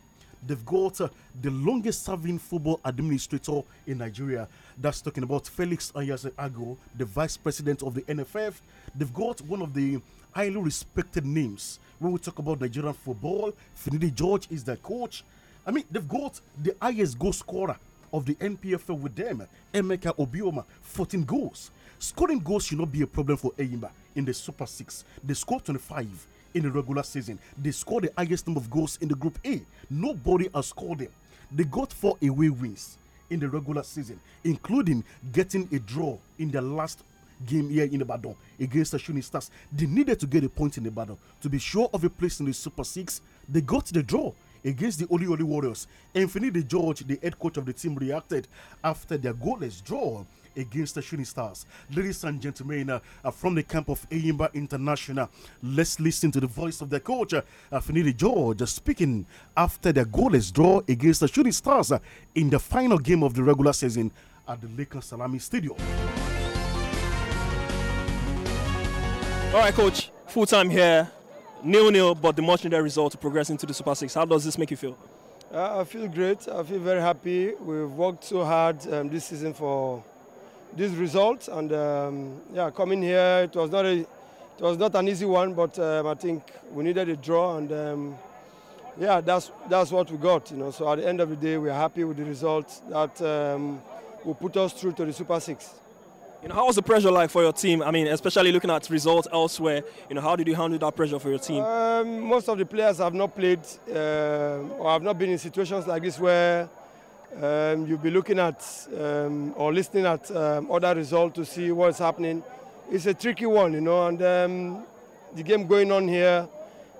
They've got uh, the longest serving football administrator in Nigeria. That's talking about Felix Ayase Ago, the vice president of the NFF. They've got one of the highly respected names when we talk about Nigerian football. Finidi George is their coach. I mean, they've got the highest goal scorer of the NPFL with them, Emeka Obioma, 14 goals. Scoring goals should not be a problem for Eyimba in the Super 6. They scored 25 in the regular season. They scored the highest number of goals in the Group A. Nobody has scored them. They got four away wins in the regular season, including getting a draw in the last game here in the battle against the Shooting Stars. They needed to get a point in the battle to be sure of a place in the Super Six. They got the draw against the Oli Oli Warriors. Infinity George, the head coach of the team, reacted after their goalless draw against the Shooting Stars. Ladies and gentlemen, uh, uh, from the camp of Ayimba International, let's listen to the voice of their coach, uh, Finidi George, speaking after the goalless draw against the Shooting Stars uh, in the final game of the regular season at the Lakers Salami Stadium. All right, coach, full time here, nil nil, but the much needed result to progress into the Super Six. How does this make you feel? Uh, I feel great. I feel very happy. We've worked so hard um, this season for these results. And um, yeah, coming here, it was not a, it was not an easy one, but um, I think we needed a draw, and um, yeah, that's that's what we got. You know, so at the end of the day, we are happy with the results that um, will put us through to the Super Six. You know, how was the pressure like for your team? I mean, especially looking at results elsewhere. You know, how did you handle that pressure for your team? Um, most of the players have not played uh, or have not been in situations like this where um, you'll be looking at um, or listening at um, other results to see what's happening. It's a tricky one, you know, and um, the game going on here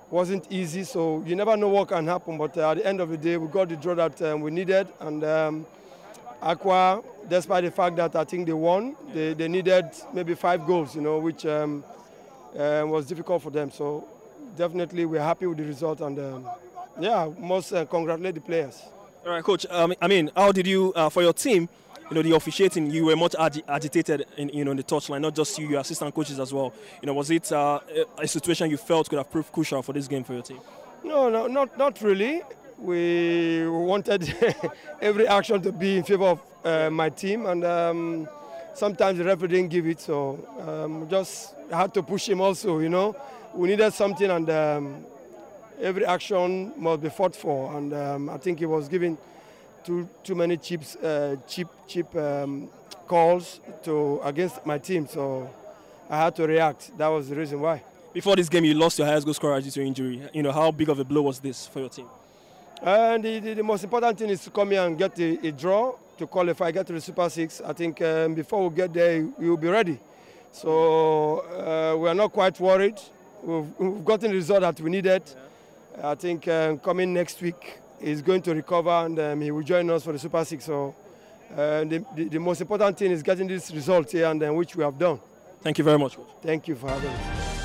wasn't easy, so you never know what can happen. But uh, at the end of the day, we got the draw that um, we needed, and um, Aqua, despite the fact that I think they won, they, they needed maybe five goals, you know, which uh, was difficult for them. So definitely, we're happy with the result, and yeah, must uh, congratulate the players. All right, coach. Um, I mean, how did you uh, for your team? You know, the officiating. You were much agitated in you know in the touchline. Not just you, your assistant coaches as well. You know, was it uh, a situation you felt could have proved crucial for this game for your team? No, no, not not really. We wanted every action to be in favor of uh, my team, and um, sometimes the referee didn't give it, so um, just had to push him. Also, you know, we needed something, and um, every action must be fought for. And um, I think he was giving too too many uh, cheap cheap um, calls to against my team. So I had to react. That was the reason why. Before this game, you lost your highest goal scorer due to injury. You know how big of a blow was this for your team? And uh, the, the, the most important thing is to come here and get a, a, draw to qualify, get to the Super Six. I think um, before we get there, we will be ready. So uh, we are not quite worried. We've, we've gotten the result that we needed. Yeah. I think um, coming next week, he's going to recover and um, he will join us for the Super Six. So uh, the, the, the, most important thing is getting this result here and uh, which we have done. Thank you very much. Thank you for having me.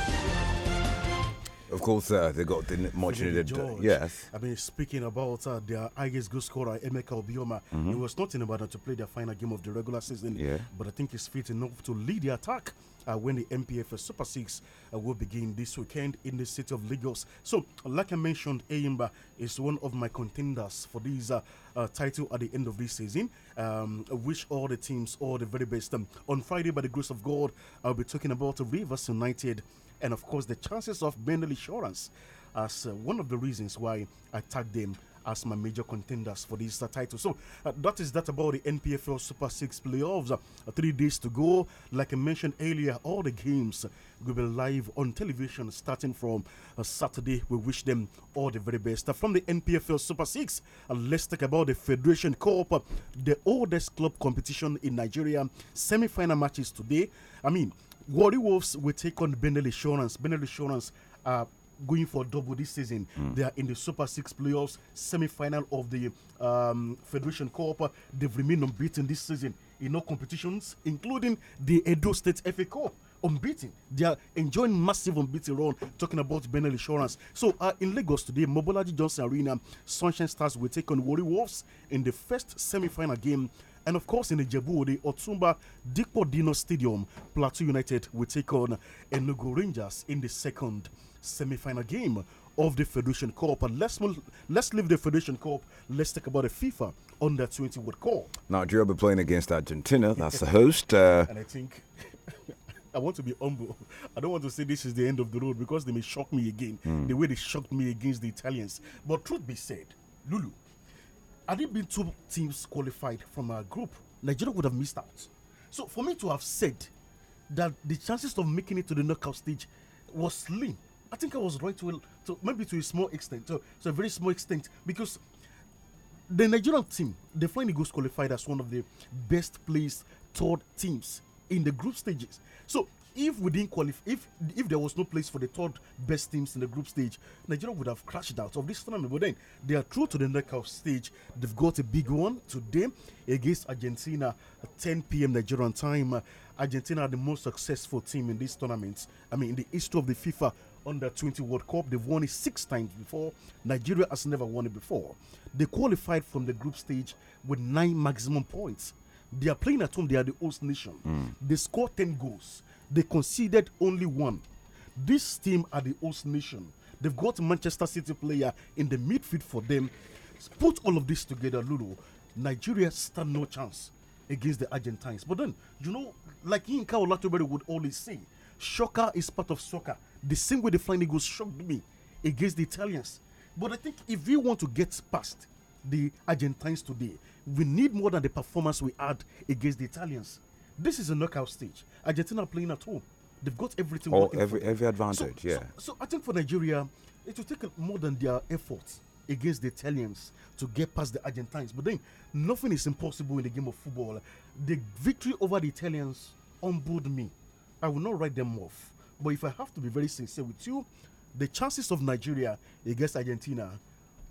Of course, uh, they got the marginated. George, yes. I mean, speaking about uh, their highest goal scorer, Emeka Obioma, mm -hmm. he mm-hmm. was not in Ibadan to play their final game of the regular season, yeah. but I think he's fit enough to lead the attack. Uh, when the MPFS Super Six uh, will begin this weekend in the city of Lagos. So, like I mentioned, Aimba is one of my contenders for this uh, uh, title at the end of this season. Um, I wish all the teams all the very best. Um, on Friday, by the grace of God, I'll be talking about Rivers United and of course the chances of Bendel Insurance as uh, one of the reasons why I tagged them as my major contenders for this uh, title. So uh, that is that about the NPFL Super 6 playoffs. Uh, three days to go. Like I mentioned earlier, all the games will be live on television starting from uh, Saturday. We wish them all the very best. Uh, from the NPFL Super 6, uh, let's talk about the Federation Cup, the oldest club competition in Nigeria. Semi final matches today. I mean, Warri Wolves will take on Benel Insurance. Benel Insurance are going for double this season. Mm. They are in the Super Six playoffs, semi-final of the um, Federation Cup. They've remained unbeaten this season in all competitions, including the Edo State FA Cup. Unbeaten, they are enjoying massive unbeaten run. Talking about Benel Insurance, so uh, in Lagos today, Mobolaji Johnson Arena, Sunshine Stars will take on Warri Wolves in the first semi-final game and of course, in Ijebu, the Otumba Dikpo Dino Stadium, Plateau United will take on Enugu Rangers in the second semi final game of the Federation Cup. And let's, let's leave the Federation Cup. Let's talk about the FIFA Under 20 World Cup. Nigeria will be playing against Argentina. That's the host. Uh... And I think. I want to be humble. I don't want to say this is the end of the road because they may shock me again, mm. the way they shocked me against the Italians. But truth be said, Lulu, had it been two teams qualified from our group, Nigeria would have missed out. So for me to have said that the chances of making it to the knockout stage was slim, I think I was right to, to maybe to a small extent, to, to a very small extent, because the Nigerian team, the Flying Eagles qualified as one of the best placed third teams in the group stages. So if we didn't qualify, if if there was no place for the third best teams in the group stage, Nigeria would have crashed out of this tournament. But then they are through to the knockout stage. They've got a big one today against Argentina at 10 p.m. Nigerian time. Argentina are the most successful team in this tournament. I mean, in the history of the FIFA under 20 World Cup. They've won it six times before. Nigeria has never won it before. They qualified from the group stage with nine maximum points. They are playing at home, they are the host nation. Mm. They score 10 goals. They conceded only one. This team are the host nation. They've got Manchester City player in the midfield for them. Put all of this together, Lulu. Nigeria stand no chance against the Argentines. But then, you know, like Inka Olatobere would always say, soccer is part of soccer. The same way the Flying Eagles shocked me against the Italians. But I think if we want to get past the Argentines today, we need more than the performance we had against the Italians. This is a knockout stage. Argentina playing at home. They've got everything. Oh, every every advantage. So, yeah. So, so I think for Nigeria, it will take more than their efforts against the Italians to get past the Argentines. But then nothing is impossible in the game of football. The victory over the Italians humbled me. I will not write them off. But if I have to be very sincere with you, the chances of Nigeria against Argentina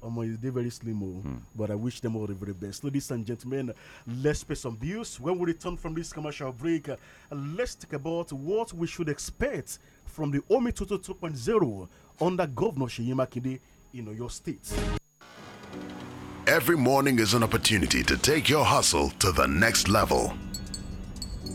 um, is they very slim, mm. but I wish them all the very best. Ladies and gentlemen, let's pay some bills. When we return from this commercial break, uh, let's talk about what we should expect from the Omi 2.0 under Governor Sheyima Kide in your state. Every morning is an opportunity to take your hustle to the next level.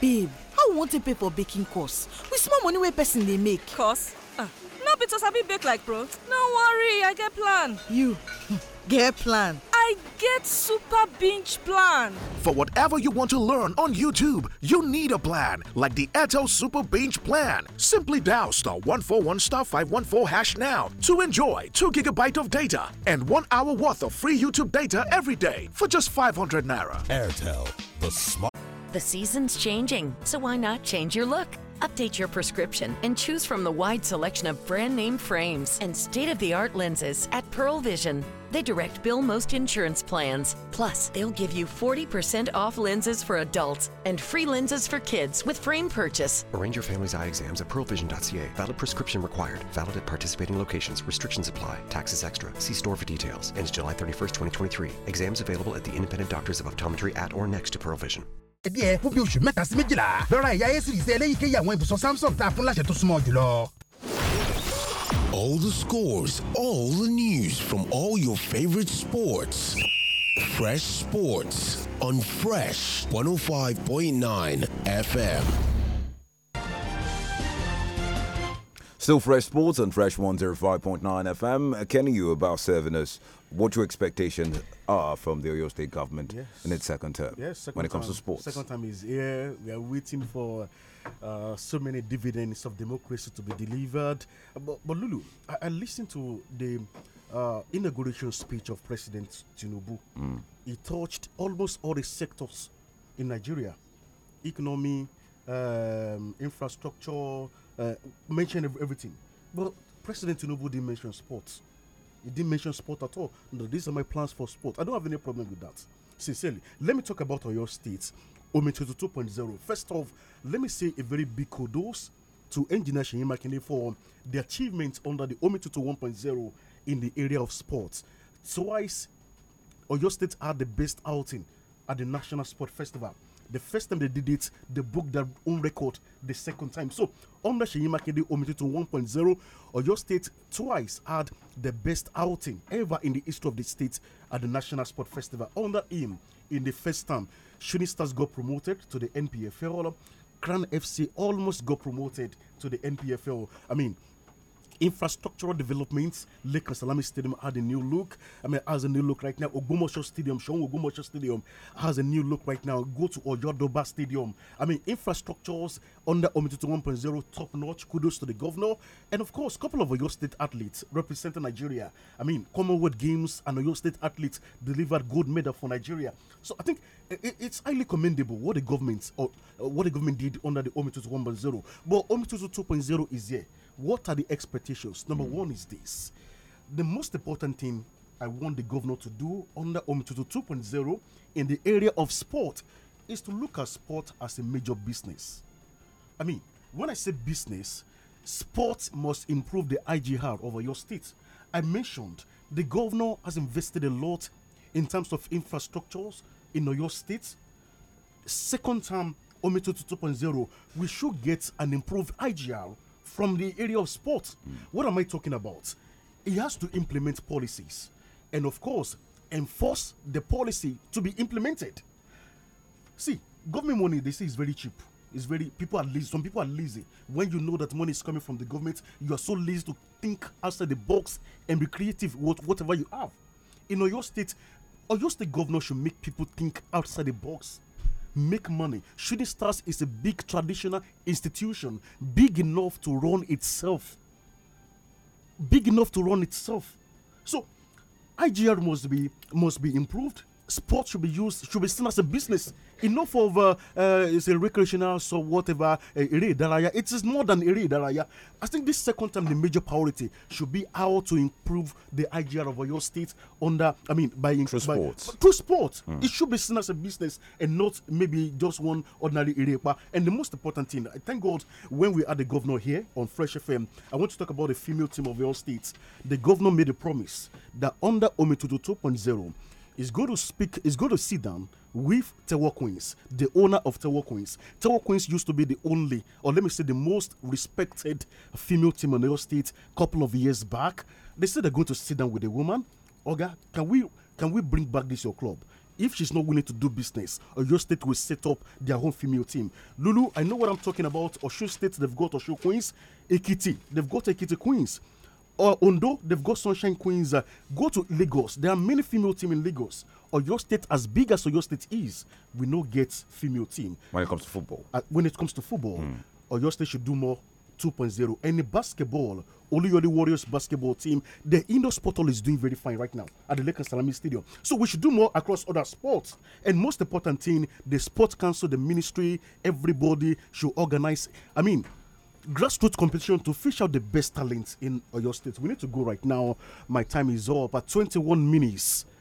babe how we wan take pay for baking course with small money wey person dey make course ah no be to sabi bake like pro no worry i get plan you get plan i get super binge plan for whatever you want to learn on youtube you need a plan like the Airtel super binge plan simply dial star 141 star 514 hash now to enjoy 2 gigabyte of data and 1 hour worth of free youtube data every day for just 500 naira airtel the smart the season's changing, so why not change your look? Update your prescription and choose from the wide selection of brand name frames and state of the art lenses at Pearl Vision. They direct bill most insurance plans. Plus, they'll give you 40% off lenses for adults and free lenses for kids with frame purchase. Arrange your family's eye exams at pearlvision.ca. Valid prescription required. Valid at participating locations. Restrictions apply. Taxes extra. See store for details. Ends July 31st, 2023. Exams available at the independent doctors of optometry at or next to Pearl Vision ẹbí ẹ fún bí oṣù mẹ́ta sí méjìlá lọ́ra ẹ̀yà eléyìíkéyìí àwọn ibùsọ̀ Samsung tá a fún láṣẹ tó súnmọ́ jùlọ. All the scores, all the news from all your favorite sports. Fresh Sports on Fresh 105.9 FM. Still Fresh Sports on Fresh 105.9 FM. Can uh, you about serving us what your expectations are from the Oyo State government yes. in its second term yes, second when it comes time, to sports. Second term is here. We are waiting for uh, so many dividends of democracy to be delivered. Uh, but, but Lulu, I, I listened to the uh, inauguration speech of President Tinubu. Mm. He touched almost all the sectors in Nigeria economy, um, infrastructure, uh, mentioned everything. But President Tinubu didn't mention sports. He didn't mention sport at all. No, these are my plans for sport. I don't have any problem with that. Sincerely, let me talk about your State, Omi 22.0. First off, let me say a very big kudos to Engineer Shehin Makinde for the achievements under the Omi 1.0 in the area of sports. Twice, Oyo State had the best outing at the National Sport Festival the first time they did it, they broke their own record the second time. So, under Sheyimakinde omitted to 1.0, Oyo State twice had the best outing ever in the history of the state at the National Sport Festival. Under him, in the first time, Shunistas got promoted to the NPFL. Clan FC almost got promoted to the NPFL. I mean, Infrastructural developments. Lake Salami Stadium had a new look. I mean, has a new look right now. Ogumosho Stadium, Sean Ogumosho Stadium has a new look right now. Go to Doba Stadium. I mean, infrastructures under Omitutu 1.0, top notch. Kudos to the governor. And of course, couple of Oyo State athletes representing Nigeria. I mean, Commonwealth Games and Oyo State athletes delivered gold medal for Nigeria. So I think it's highly commendable what the government or uh, what the government did under the Omitutu 1.0. But Omitutu 2.0 is here. What are the expectations? Number mm. one is this. The most important thing I want the governor to do under Omitutu 2.0 in the area of sport is to look at sport as a major business. I mean, when I say business, sport must improve the IGR over your state. I mentioned the governor has invested a lot in terms of infrastructures in your state. Second term, Omitutu 2.0, we should get an improved IGR from the area of sports. Mm. What am I talking about? He has to implement policies and, of course, enforce the policy to be implemented. See, government money, they say, is very cheap. It's very, people are lazy. Some people are lazy. When you know that money is coming from the government, you are so lazy to think outside the box and be creative with whatever you have. In Oyo State, Oyo State governor should make people think outside the box make money. Shooting Stars is a big traditional institution, big enough to run itself. Big enough to run itself. So IGR must be must be improved sport should be used should be seen as a business enough of uh, uh, it's a recreational so whatever uh, eré it is more than eré i think this second time the major priority should be how to improve the IGR of your state under i mean by through by, sports through sport mm. it should be seen as a business and not maybe just one ordinary area. and the most important thing i thank god when we had the governor here on fresh fm i want to talk about the female team of your state the governor made a promise that under omitutu 2.0 is going to speak, Is going to sit down with Tewa Queens, the owner of Tewa Queens. Tewa Queens used to be the only, or let me say, the most respected female team in your State a couple of years back. They said they're going to sit down with a woman. Oga, can we can we bring back this your club? If she's not willing to do business, Oyo State will set up their own female team. Lulu, I know what I'm talking about. Osho State, they've got Osho Queens. Ekiti, they've got Ekiti Queens or Ondo, they've got Sunshine Queens. Uh, go to Lagos. There are many female team in Lagos. Or your state, as big as your state is, we no get female team. When it comes to football. Uh, when it comes to football, mm. or your state should do more 2.0. And basketball, only your Warriors basketball team, the indoor portal is doing very fine right now at the Lakers Salami Stadium. So we should do more across other sports. And most important thing, the Sports Council, the ministry, everybody should organize. I mean, grassroots competition to fish out the best talent in your State. We need to go right now. My time is up at 21 minutes.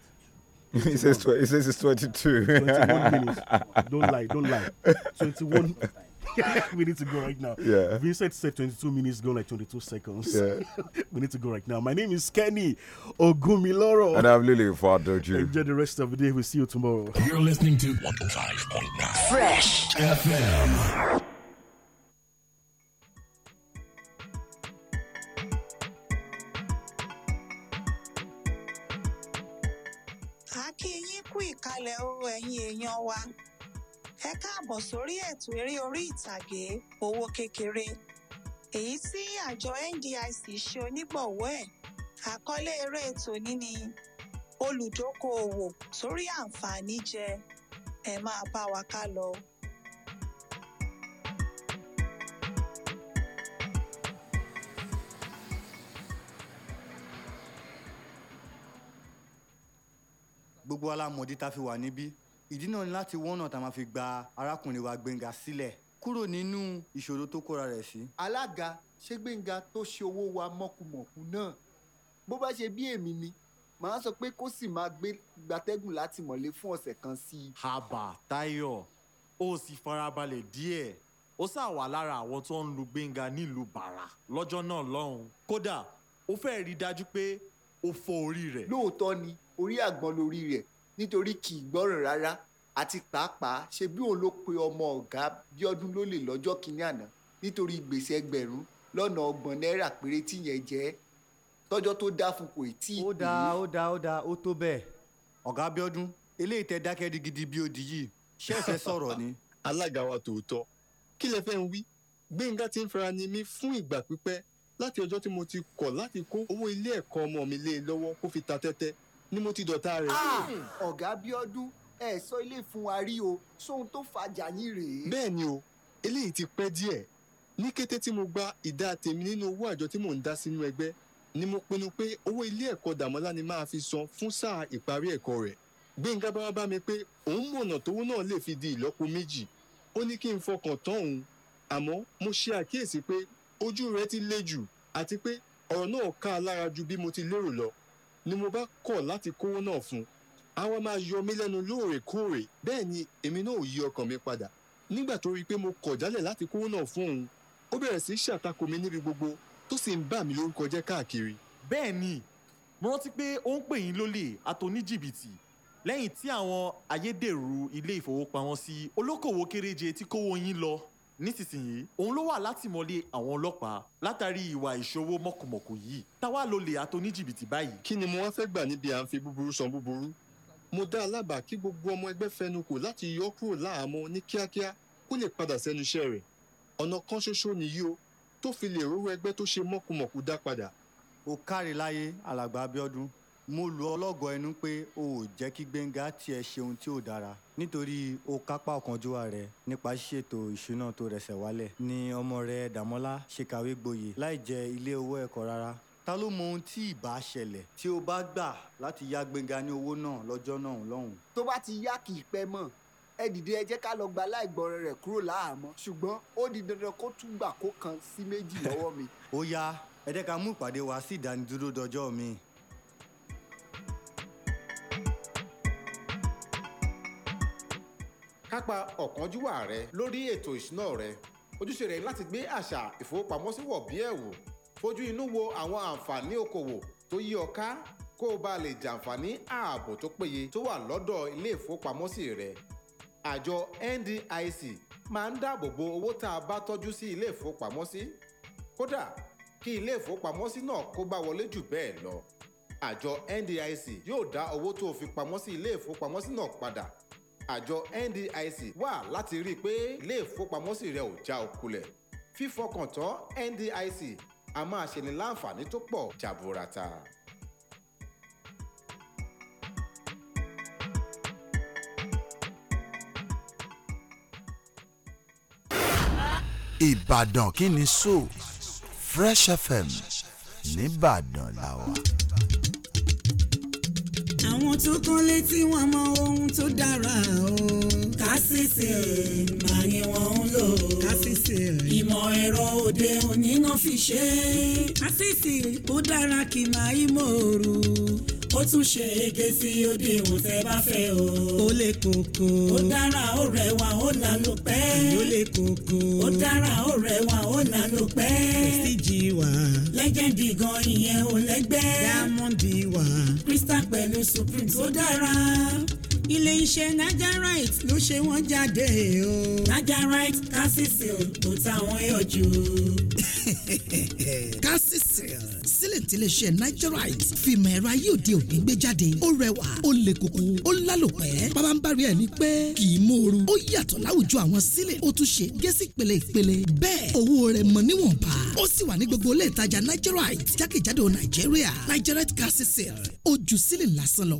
He says, tw- it says it's 22. 21 minutes. Don't lie, don't lie. 21 we need to go right now. Yeah. Vincent said 22 minutes go like 22 seconds. Yeah. we need to go right now. My name is Kenny Ogumiloro. And I'm Lily Fadoju. Enjoy the rest of the day. We'll see you tomorrow. You're listening to 105.9 Fresh FM. kalẹ̀ o ẹ̀yin èèyàn wa ẹ káàbọ̀ sórí ètò eré orí ìtàgé owó kékeré èyí tí àjọ NDIC ṣe onígbọ̀wọ́ ẹ̀ àkọlé eré ètò níní ni olùdókoòwò sórí àǹfààní jẹ ẹ máa bá wa ká lọ. gbogbo alámọ̀dí tá a fi wà níbí ìdí náà ni láti wọ́nà tá a máa fi gba arákùnrin wa Gbénga sílẹ̀ kúrò nínú ìṣòro tó kóra rẹ̀ sí. alága ṣé Gbénga tó ṣe owó wa mọ̀kùmọ̀kù náà bó bá ṣe bí èmi ni màá sọ pé kó sì máa gbé gbatẹ́gùn láti mọ̀lé fún ọ̀sẹ̀ kan sí i. haba tayo o sì farabalẹ̀ díẹ̀ ó sà wà lára àwọn tó ń lu Gbénga nílùú bàrà lọ́jọ́ náà lọ́hùn-ún kódà ó fẹ́ẹ́ rí i dájú pé ó fọ́ orí rẹ̀. lóòótọ́ ni orí àgbọn lórí rẹ̀ nítorí kì í gbọ́ràn rárá àti pàápàá ṣe bí òun ló pe ọmọ ọ̀gá Bíọ́dún lólè lọ́jọ́ kínní àná nítorí gbèsè ẹgbẹ̀rún lọ́nà ọgbọ̀n náírà péré tíyẹn jẹ́ tọ́jọ́ tó dá fún kò tí ó dáa ó dáa ó dáa ó tó bẹ́ẹ̀ ọ̀gá Bíọ́dún eléyìí tẹ dákẹ́ digidi bí odi yìí ṣé ẹ fẹ́ sọ̀rọ̀ ni. alága wa tòótọ́ kí lẹ fẹ́ ń wí Gbénga ti ń fara ni mí fún ìgbà pípẹ́ láti ọjọ́ tí mo ti kọ̀ láti kó owó ilé ẹ̀kọ́ ọmọ mi lé e kó fi ta tẹ́tẹ́ ni mo ti dọ̀tá rẹ̀. Ah! Hmm. ọ̀gá bíọ́dún ẹ sọ ilé fún wa rí o sóhun tó fàjà yín rèé. bẹ́ẹ̀ ni o eléyìí ti pẹ́ díẹ̀ ní kété tí mo gba ìdá tèmi nínú owó àjọ tí mò ń dá sínú ẹgbẹ́ ni mo pinnu pé owó ilé ẹ̀kọ́ dàmọ́lá ni máa fi san fún sáà ìparí ẹ̀kọ́ rẹ̀ gbẹ̀ngà bá wá bá mi pé òun mọ̀nà tówó náà lè fi di ìlọ́po méjì ó ní kí n fọkàn tán òun àmọ́ mo ṣe àkíyèsí pé ojú rẹ̀ ti le jù àti pé ọ̀rọ̀ náà ká a lára ju bí mo ti lérò lọ ni mo bá kọ̀ láti kówó náà fún un àwa máa yọ mí lẹ́nu lóòrèkóòrè bẹ́ẹ̀ ni èmi náà ò yí ọkàn mi padà nígbà tó rí i pé mo kọ̀ jálẹ̀ láti kówó náà fún òun ó bẹ̀rẹ̀ sí í ṣàtakò mi níbi gbogbo tó sì ń bà mí lórúkọ jẹ́ káàkiri. bẹ́ẹ̀ ni mo rántí pé ó ń pè yín lólè àtòníjìbìtì lẹ́yìn tí àwọn ayédèrú ilé ìfowópamọ́sí olókòwò kéréje ti kówó yín lọ nísinsìnyí òun ló wà látìmọ́lé àwọn ọlọ́pàá látàrí ìwà ìṣòwò mọ̀kùmọ̀kù yìí táwa ló lè àtọ́ní jìbìtì báyìí. kí ni mo wá fẹ́ gbà níbi à ń fi búburú san búburú mo dá alábàá kí gbogbo ọmọ ẹgbẹ́ fẹnukò láti yọ kúrò láhàámọ́ ní kíákíá kó lè padà sẹ́nu iṣẹ́ rẹ̀ ọ̀nà kan ṣoṣo nìyí o tó fi lè rówó ẹgbẹ́ tó ṣe mọ̀kùmọ̀kù dá padà. ó káre láyé alàgbà Abíọ́dún mo lu ọlọ́gọ̀ ẹnu pé o ò jẹ́ kí gbẹ̀ngà tiẹ̀ ṣe ohun tí ò dára nítorí o kápá ọ̀kánjúwà rẹ nípa ṣíṣètò ìṣúná tó rẹsẹ̀ wálẹ̀ ni ọmọ rẹ dàmọ́lá ṣe kàwé gboyè láì jẹ ilé owó ẹ̀kọ́ rárá ta ló mọ ohun tí ìbá ṣẹlẹ̀ tí o bá gbà láti yá gbẹ̀ngà ní owó náà lọ́jọ́ náà lọ́hùn. tó bá ti yá kì í pẹ́ mọ́ ẹ dìde ẹ jẹ́ ká lọ gba aláìgbọràn rẹ̀ kúrò láhàámọ́ ṣùgbọ́n ó di dandan kó tún gbà kó kan sí méjì lọ́wọ́ mi. ó yá ẹ mú ìpàdé wa sí ìdánidúró dọjọ́ mi. ìkápá ọ̀kánjúwà rẹ lórí ètò ìṣúná rẹ ojúṣe rẹ láti gbé àṣà ìfowópamọ́sí wọ̀ bí ẹ̀wù fojú inú wo àwọn àǹfààní okòwò tó yí ọ ká kó o bá lè jàǹfààní ààbò tó péye tó wà lọ́dọ̀ ilé ìfowópamọ́sí rẹ àjọ NDIC máa ń dáàbò bo owó tá a bá tọ́jú sí ilé ìfowópamọ́sí kódà kí ilé ìfowópamọ́sí náà kó bá wọlé jù bẹ́ẹ̀ lọ àjọ NDIC yóò dá owó tó fi pamọ́ sí ilé ìfowópamọ́sí náà padà àjọ NDIC wà láti rí i pé ilé ìfowópamọ́sí rẹ ò já òkulẹ̀ fífọkàntán NDIC a máa ṣe ni láǹfààní tó pọ̀ jaburata. Ìbàdàn kí ni sọ Fresh FM nìbàdàn làwà àwọn tó kán létí wọn mọ ohun tó dára o. kásìsì mà ni wọ́n ń lò. kásìsì ìmọ̀ ẹ̀rọ òde òní náà fi ṣe. kásìsì ó dára kì máa í mòoru ó tún ṣe ege sí odi ìwò tẹ bá fẹ́ o. ó lè kunkun. ó dára ó rẹwà ó lànà pẹ́. ó lè kunkun. ó dára ó rẹwà ó lànà pẹ́. prestige wa. legend gan ìyẹn ò lẹ́gbẹ́. diamond wà. crystal pẹ̀lú supreme tó dára ilé iṣẹ́ Nigerite ló ṣe wọ́n jáde o. Nigerite calcium kò táwọn yọjú. calcium consulting ti iléeṣẹ́ nigerite fìmọ̀ ẹ̀rọ ayé òde òní gbé jáde ó rẹwà ó le koko ó lálòpẹ́ bàbá ń bari ẹ̀ ní pẹ́ kì í mòoru ó yàtọ̀ láwùjọ àwọn sílẹ̀ ó tún ṣe gẹ́sì pèlè ìpèlè bẹ́ẹ̀ owó rẹ̀ mọ̀ níwọ̀nba ó sì wà ní gbogbo ilé ìtajà nigerite jákèjádò nàìjíríà nigerite gas sale ó ju sílẹ̀ lásán lọ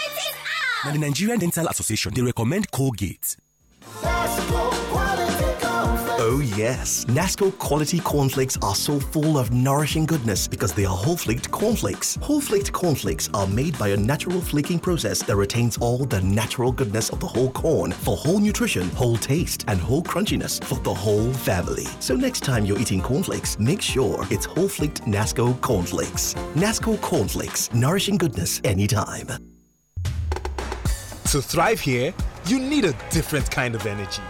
Now, the Nigerian Dental Association, they recommend Colgate. Oh, yes. Nasco quality cornflakes are so full of nourishing goodness because they are whole flaked cornflakes. Whole flaked cornflakes are made by a natural flaking process that retains all the natural goodness of the whole corn for whole nutrition, whole taste, and whole crunchiness for the whole family. So, next time you're eating cornflakes, make sure it's whole flaked Nasco cornflakes. Nasco cornflakes, nourishing goodness anytime. To thrive here, you need a different kind of energy.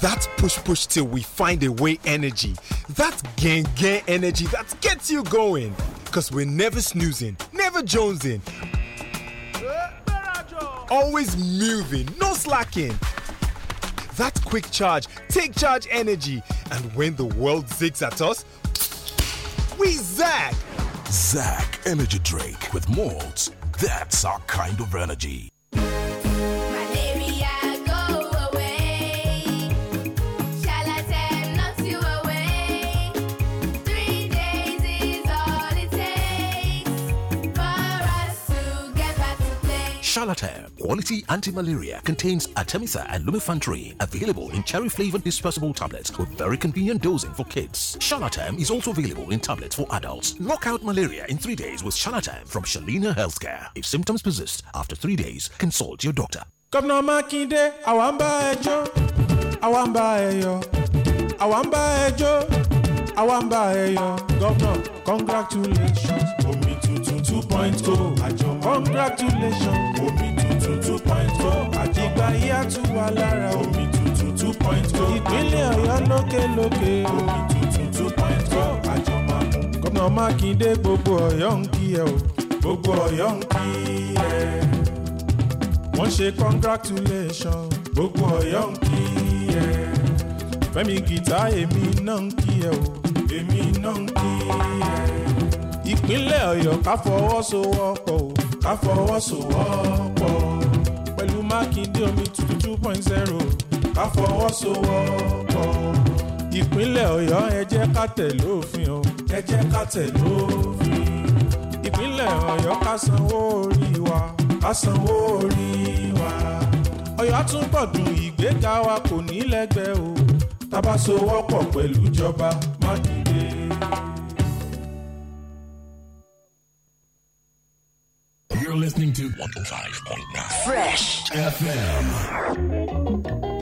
That push push till we find a way energy. That gang gang energy that gets you going. Cause we're never snoozing, never jonesing. Always moving, no slacking. That quick charge, take charge energy. And when the world zigs at us, we zag. Zag Energy Drake with malts. That's our kind of energy. Charlatan, quality anti-malaria, contains Artemisa and lumefantrine, available in cherry-flavored dispersible tablets with very convenient dosing for kids. Charlatan is also available in tablets for adults. Knock out malaria in three days with Charlatan from Shalina Healthcare. If symptoms persist after three days, consult your doctor. Governor Makinde, Awamba Ejo, Awamba Awamba Ejo, Awamba Governor, congratulations. point two, oh. àjọ congratulations omi tuntun two point two, oh. àjìgbà yíyá tún wà lára omi tuntun two point two, oh. ìpínlẹ̀ ọ̀yọ́ lókèlókè omi tuntun two point two, àjọ máa mú. gómìnà mákindé gbogbo ọ̀yọ́ ń kí ẹ o gbogbo ọ̀yọ́ ń kí ẹ wọ́n ṣe congratulations gbogbo ọ̀yọ́ ń kí ẹ fẹ́mi gìtá èmi náà ń kí ẹ o èmi náà ń kí ẹ ìpínlẹ̀ ọ̀yọ́ ká fọwọ́sowọ́pọ̀ o ká fọwọ́sowọ́pọ̀ pẹ̀lú mákindé omi tuntun two point zero ká fọwọ́sowọ́pọ̀ ìpínlẹ̀ ọ̀yọ́ ẹ jẹ́ ká tẹ̀lé òfin o ẹ jẹ́ ká tẹ̀lé òfin ìpínlẹ̀ ọ̀yọ́ ká sanwó orí wa ká sanwó orí wa ọ̀yọ́ túnbọ̀ dùn ìgbéga wa kò ní lẹ́gbẹ́ o tá pẹ̀lú ìjọba mákindé. You're listening to 105.9 Fresh FM.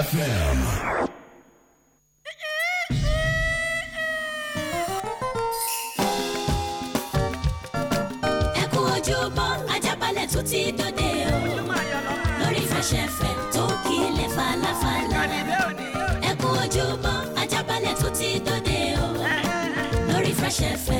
FM. ẹ kú ojúbọ Ajaabale tún ti dòde o lórí Fresh FM tó kílẹ̀ falafala ẹ kú ojúbọ Ajaabale tún ti dòde o lórí Fresh FM.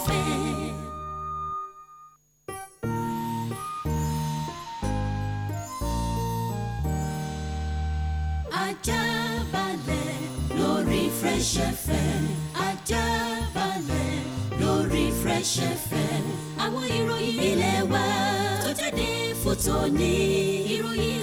tòní ìròyìn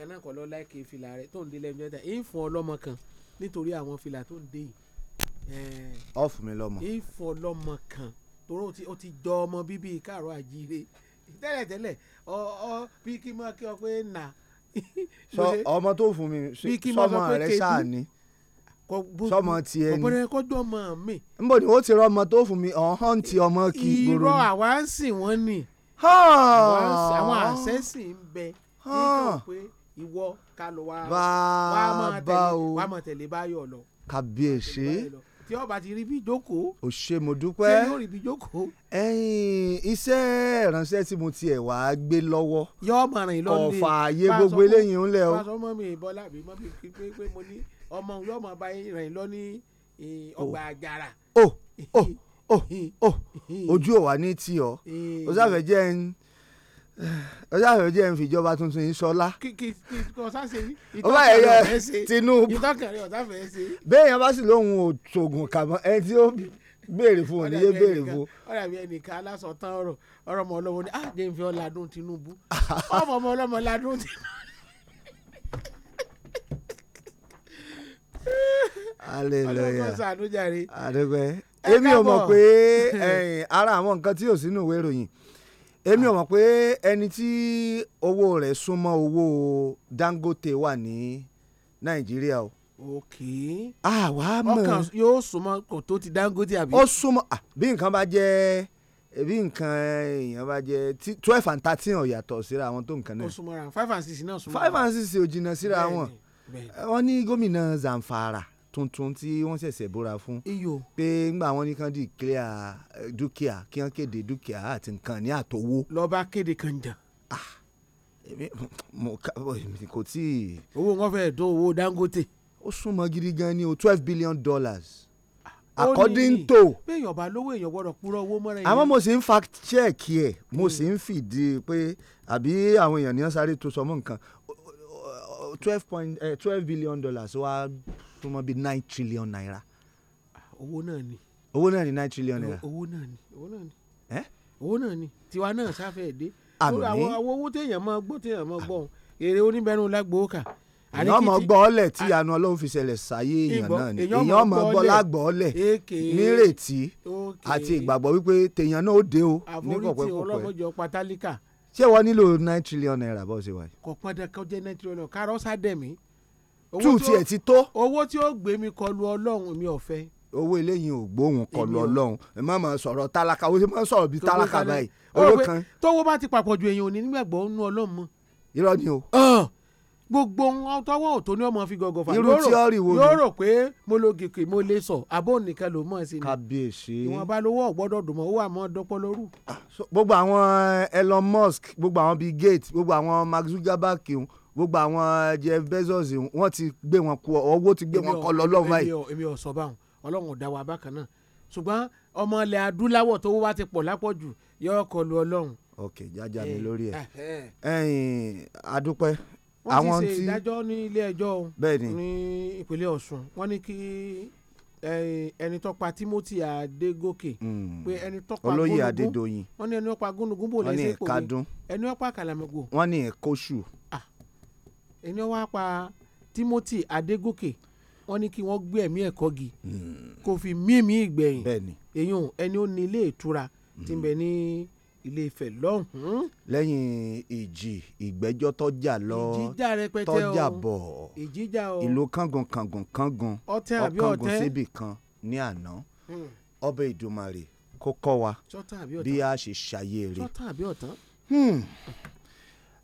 nìkan náà kọ́ lọ láìkè fìlà rẹ̀ tó ń dé lẹ́nu ẹ̀ta èyí fún ọ kan nítorí àwọn fìlà tó ń dé yìí. ọ̀f mi lọ́mọ. èyí fún kan torí o ti jọ ọmọ bíbí káàrọ̀ àjíire tẹ́lẹ̀tẹ́lẹ̀ ọ bí kí mọ́ kí ọ pé nà. sọ ọmọ tó fún mi sọmọ rẹ sáà sọmọ ti ẹni ọ̀pẹ̀rẹ̀ kọjú ọmọ mi. n bò ní o ti rọmọ tó fún mi ọ̀hán ti ọmọ kì í gbòòrò. irọ́ àwa ń sìn wọ́n ni àwọn àṣẹ sì ń bẹ nígbà pé ìwọ ká lọ wá wá mọ̀ tẹ̀lé báyọ̀ lọ. kàbíyèsí tí ọba ti rí bí jókòó. ò ṣe mo dúpẹ́ ṣé yóò rí bí jókòó. ẹyin iṣẹ́ ìránṣẹ́ tí mo tiẹ̀ wá gbé lọ́wọ́. yọ́ọ́ mọ̀ràn ìlọ́ọ̀lẹ́ ọ̀fà àyè gbogbo eléyìí ń lẹ̀ o. pásọ mọ mi ìbọlá mi mọ mi pé pé mo ní ọmọ yóò mọ bá rìn lọ ní ọgbà oh. àjàrà. o oh, o oh, o o ojú ò wá ní tí ọ o sáfẹ́ jẹ́ ẹni ọjà yóò jẹ́ nfìjọba tuntun yìí sọlá. kìkì ọ̀sán ṣe yìí ìtọ́kẹ̀rẹ́ ọ̀tá fẹ́ ṣe Tinubu ìtọ́kẹ̀rẹ́ ọ̀tá fẹ́ ṣe. bẹ́ẹ̀ yẹn bá sì lóhun ò ṣògùn kàmọ́ ẹ tí ó béèrè fún òní yé béèrè fún. ọ̀rẹ́ mi ẹnìkan alásọ̀tán ọ̀rọ̀ ọ̀rọ̀ ọmọ ọlọ́mọ ni ah jẹ́ nfi ọ̀làdún Tinubu ọmọ ọmọ ọlọ́mọ ọ̀làdún Tinubu. hallelujah ọlọ́mọ sànújàre. èmi ò mọ̀ pé ẹni tí owó rẹ̀ súnmọ́ owó Dangote wà ní Nàìjíríà o okay. àwa ah, mọ̀ ọkàn yóò súnmọ́ kò tó ti Dangote àbí. ó súnmọ́ bí nǹkan bá jẹ́ bí nǹkan èèyàn bá jẹ́ twelve and thirteen ó yàtọ̀ síra wọn tó nǹkan náà. ó súnmọ́ra five and six náà súnmọ́ra. five and six ò jìnnà síra wọn wọ́n ní gómìnà Zamfara tuntun tí wọ́n ṣẹ̀ṣẹ̀ búra fún pé ńgbà wọn ní kán declare eh, dúkìá kí wọ́n kéde dúkìá àti nǹkan ní àtòwó. lọ́ba kéde kànjà. Ah, mo kò tí ì. owó wọn fẹ́ẹ́ tó owó Dangote. ó súnmọ́ gidi gan ni o twelve billion dollars ah, according to. bẹ́ẹ̀ yọ̀bá lówó èèyàn gbọ́dọ̀ purọ́ owó mọ́ra èèyàn. àmọ́ mo sì ń fact check ẹ̀ mo hmm. sì ń fìdí pé àbí àwọn èèyàn ní wọ́n sáré tó sọmọ́ nǹkan twelve point eh, twelve billion dollars wá. Wa súnmọ́ bíi nine trillion naira. owó náà ni. owó náà ni nine trillion naira. owó náà ni owó náà ni. ẹ. owó náà ni tiwa náà sáfẹ́ dé. àmì àwọn owó téèyàn máa gbọ́ téèyàn máa gbọ́ èrè oníbẹ̀rù lágbó kà. èèyàn ọmọ gbọ́ ọlẹ̀ tí àánú ọlọ́run fi ṣẹlẹ̀ sáyé èèyàn náà ni èèyàn ọmọ gbọ́ lágbọ́ ọlẹ̀ nírètí àti ìgbàgbọ́ wípé téèyàn náà ó dé o ní kọ̀pẹ́ kọ̀pẹ́ ṣé wọ́n nílò nine trillion naira bọ́ọ̀ ṣe wáyé. kọ̀pọ̀ dankan jẹ́ nine trillion kárọ́sà dẹ̀mí tú tiẹ̀ ti tó. owó tí ó gbé mi kọlu ọlọ́run mi ò fẹ́. owó eléyìí ò gbóhùn kọlu ọlọ́run ẹ má máa sọ̀rọ̀ tálákà ó ti máa sọ̀rọ̀ bíi tálákà báyìí owó kan. tówó bá ti papọ̀ ju èèyàn ò ní nígbàgbọ́ nínú ọlọ́run mọ́. irọ́ ni o. gbogbo ohun tọwọ́ òtó ni ọmọ fi gọ̀gọ̀ fà. irú tíọ́rì wo ni. yóò rò pé mo lo gèkè mo lè sọ àbó nìkan ló mọ̀ sí ni. kábíyèsí. ìwọ̀nba lówó ọ̀gbọ́dọ̀ dùnmọ̀ ó Elon Musk gbogbo àwọn Bill Gates gbogbo àwọn Mark gbogbo àwọn eh, Jeff Bezos wọ́n ti gbé wọn kú owó ti gbé wọn kọ́ lọ lọ́wọ́ báyìí. èmi ò sọ báwọn ọlọ́run ò dá wa bákan náà ṣùgbọ́n ọmọ ilẹ̀ adúláwọ̀ tó wá ti pọ̀ lápọ̀jù yọ kọ lu ọlọ́run. ok jájá mi eh, lórí ẹ ẹyin adúpẹ́ àwọn tí wọ́n ti ṣe ìdájọ́ ní ilé ẹjọ́ ní ìpínlẹ̀ Ọ̀ṣun wọ́n ní kí eh, ẹni tó pa Timothy Adégòkè hmm. pé ẹni tó pa Olóyè Adédoyin wọ́n ní ẹni tó pa Gúnugún bò lẹ́sẹ̀ pò ẹni tó pa Kàlàmọ́gò wọ́n ní ẹ̀kọ́ṣù ẹni wàá pa Timothy Adégòkè wọ́n ní kí wọ́n gbé ẹ̀mí ẹ̀ kọ́gi hmm. kò fi mímí ìgbẹ̀yìn èyàn ẹni ó ní ilé ìtura tí ń bẹ hmm. ní ilé Ifẹ̀ lọ́hùn-ún. lẹ́yìn ìjì ìgbẹ́jọ́ tọ́jà lọ tọ́jà bọ̀ ìlú kángan kángan kángan ọ̀kángan síbì kan ní àná hmm. ọbẹ̀ ìdùmarè kó kọ́ wa bí a ṣe ṣàyè rẹ̀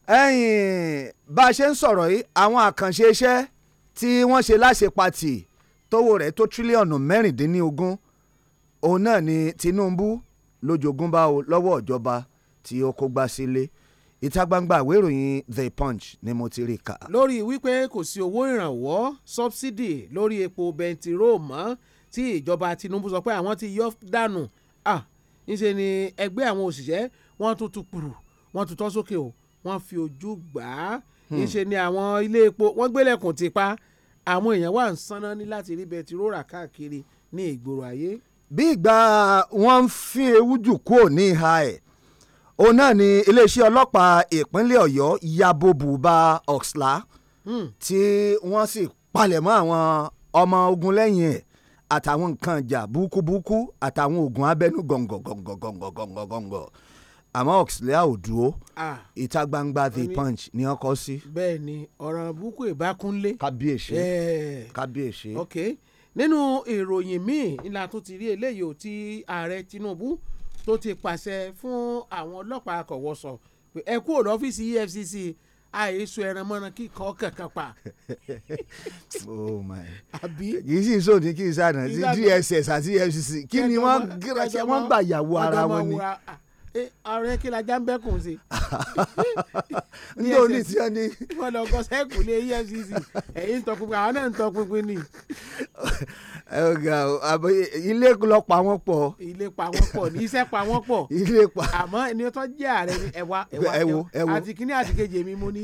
ẹ̀yìn bá a ṣe ń sọ̀rọ̀ yìí àwọn àkànṣe iṣẹ́ tí wọ́n ṣe láṣepatì tówó rẹ̀ tó tírílíọ̀nù mẹ́rìndínlógún òun náà ni Tinubu lójoogun bá o lọ́wọ́ ìjọba tí ó kó gbá sílé ìta gbangba ìwé ìròyìn The Punch ni mo ti rí kà. lórí wípé kò sí owó ìrànwọ́ sọ́bsidì lórí epo bẹntiró mọ́ tí ìjọba Tinubu sọ pé àwọn ti yọ dànù ah ńṣe ni ẹgbẹ́ àwọn òṣìṣẹ́ wọ́n tún tún kúrú wọ́n tún tọ́ sókè o. Okay wọ́n fi ojú gbà á ìṣe hmm. ni àwọn ilé epo wọ́n gbélẹ̀kùn ti pa àwọn èèyàn wà ń sanná ní láti rí bẹtiró rà káàkiri ní ìgboro ayé. bí ìgbà wọn ń fín ewu jù kúrò ní ìhà ẹ̀ òun náà ni iléeṣẹ́ ọlọ́pàá ìpínlẹ̀ ọ̀yọ́ yabo buba oxla hmm. tí wọ́n sì palẹ̀mọ́ àwọn ọmọ ogun lẹ́yìn ẹ̀ àtàwọn nǹkan ìjà búkúbúkú àtàwọn oògùn abẹ́nú gọ̀ǹgọ̀ǹgọ̀ǹgọ̀ǹgọ̀ǹgọ̀ǹgọ̀ àmọ́ Oxlade ò dúró ìta gbangba the punch ni wọ́n kọ́ sí. bẹ́ẹ̀ ni ọ̀ràn búkú ìbákúnlé. kábíyèsí kábíyèsí. ok nínú ìròyìn míì ńlá tó ti rí eléyìí ò ti ààrẹ Tinubu tó ti pàṣẹ fún àwọn ọlọ́pàá akọ̀wọ́sọ ẹ kúrò lọ́fíìsì EFCC àìsùn ẹran mọ́ran kíkọ́ kankan pa. oh my. àbí. kì í sì sóòdì kì í sànà sí DSS àti EFCC kí ni wọ́n gbà yàwó ara wọn ni ọ̀rẹ́ eh, kí la jáǹbẹ́kùn ṣe. ní òní tí wọ́n ní. wọ́n lọ kọ sẹ́ẹ̀kù ní EFCC ẹ̀yìn tọpinpin àwọn náà ń tọpinpin ni. ilé lọ pa wọ́n pọ̀. ilé pa wọ́n pọ̀ ní iṣẹ́ pa wọ́n pọ̀. ilé pa. àmọ́ ẹni tó jẹ́ ààrẹ ni ẹ̀wà ẹ̀wà àti kíní àti kejì mi mo ní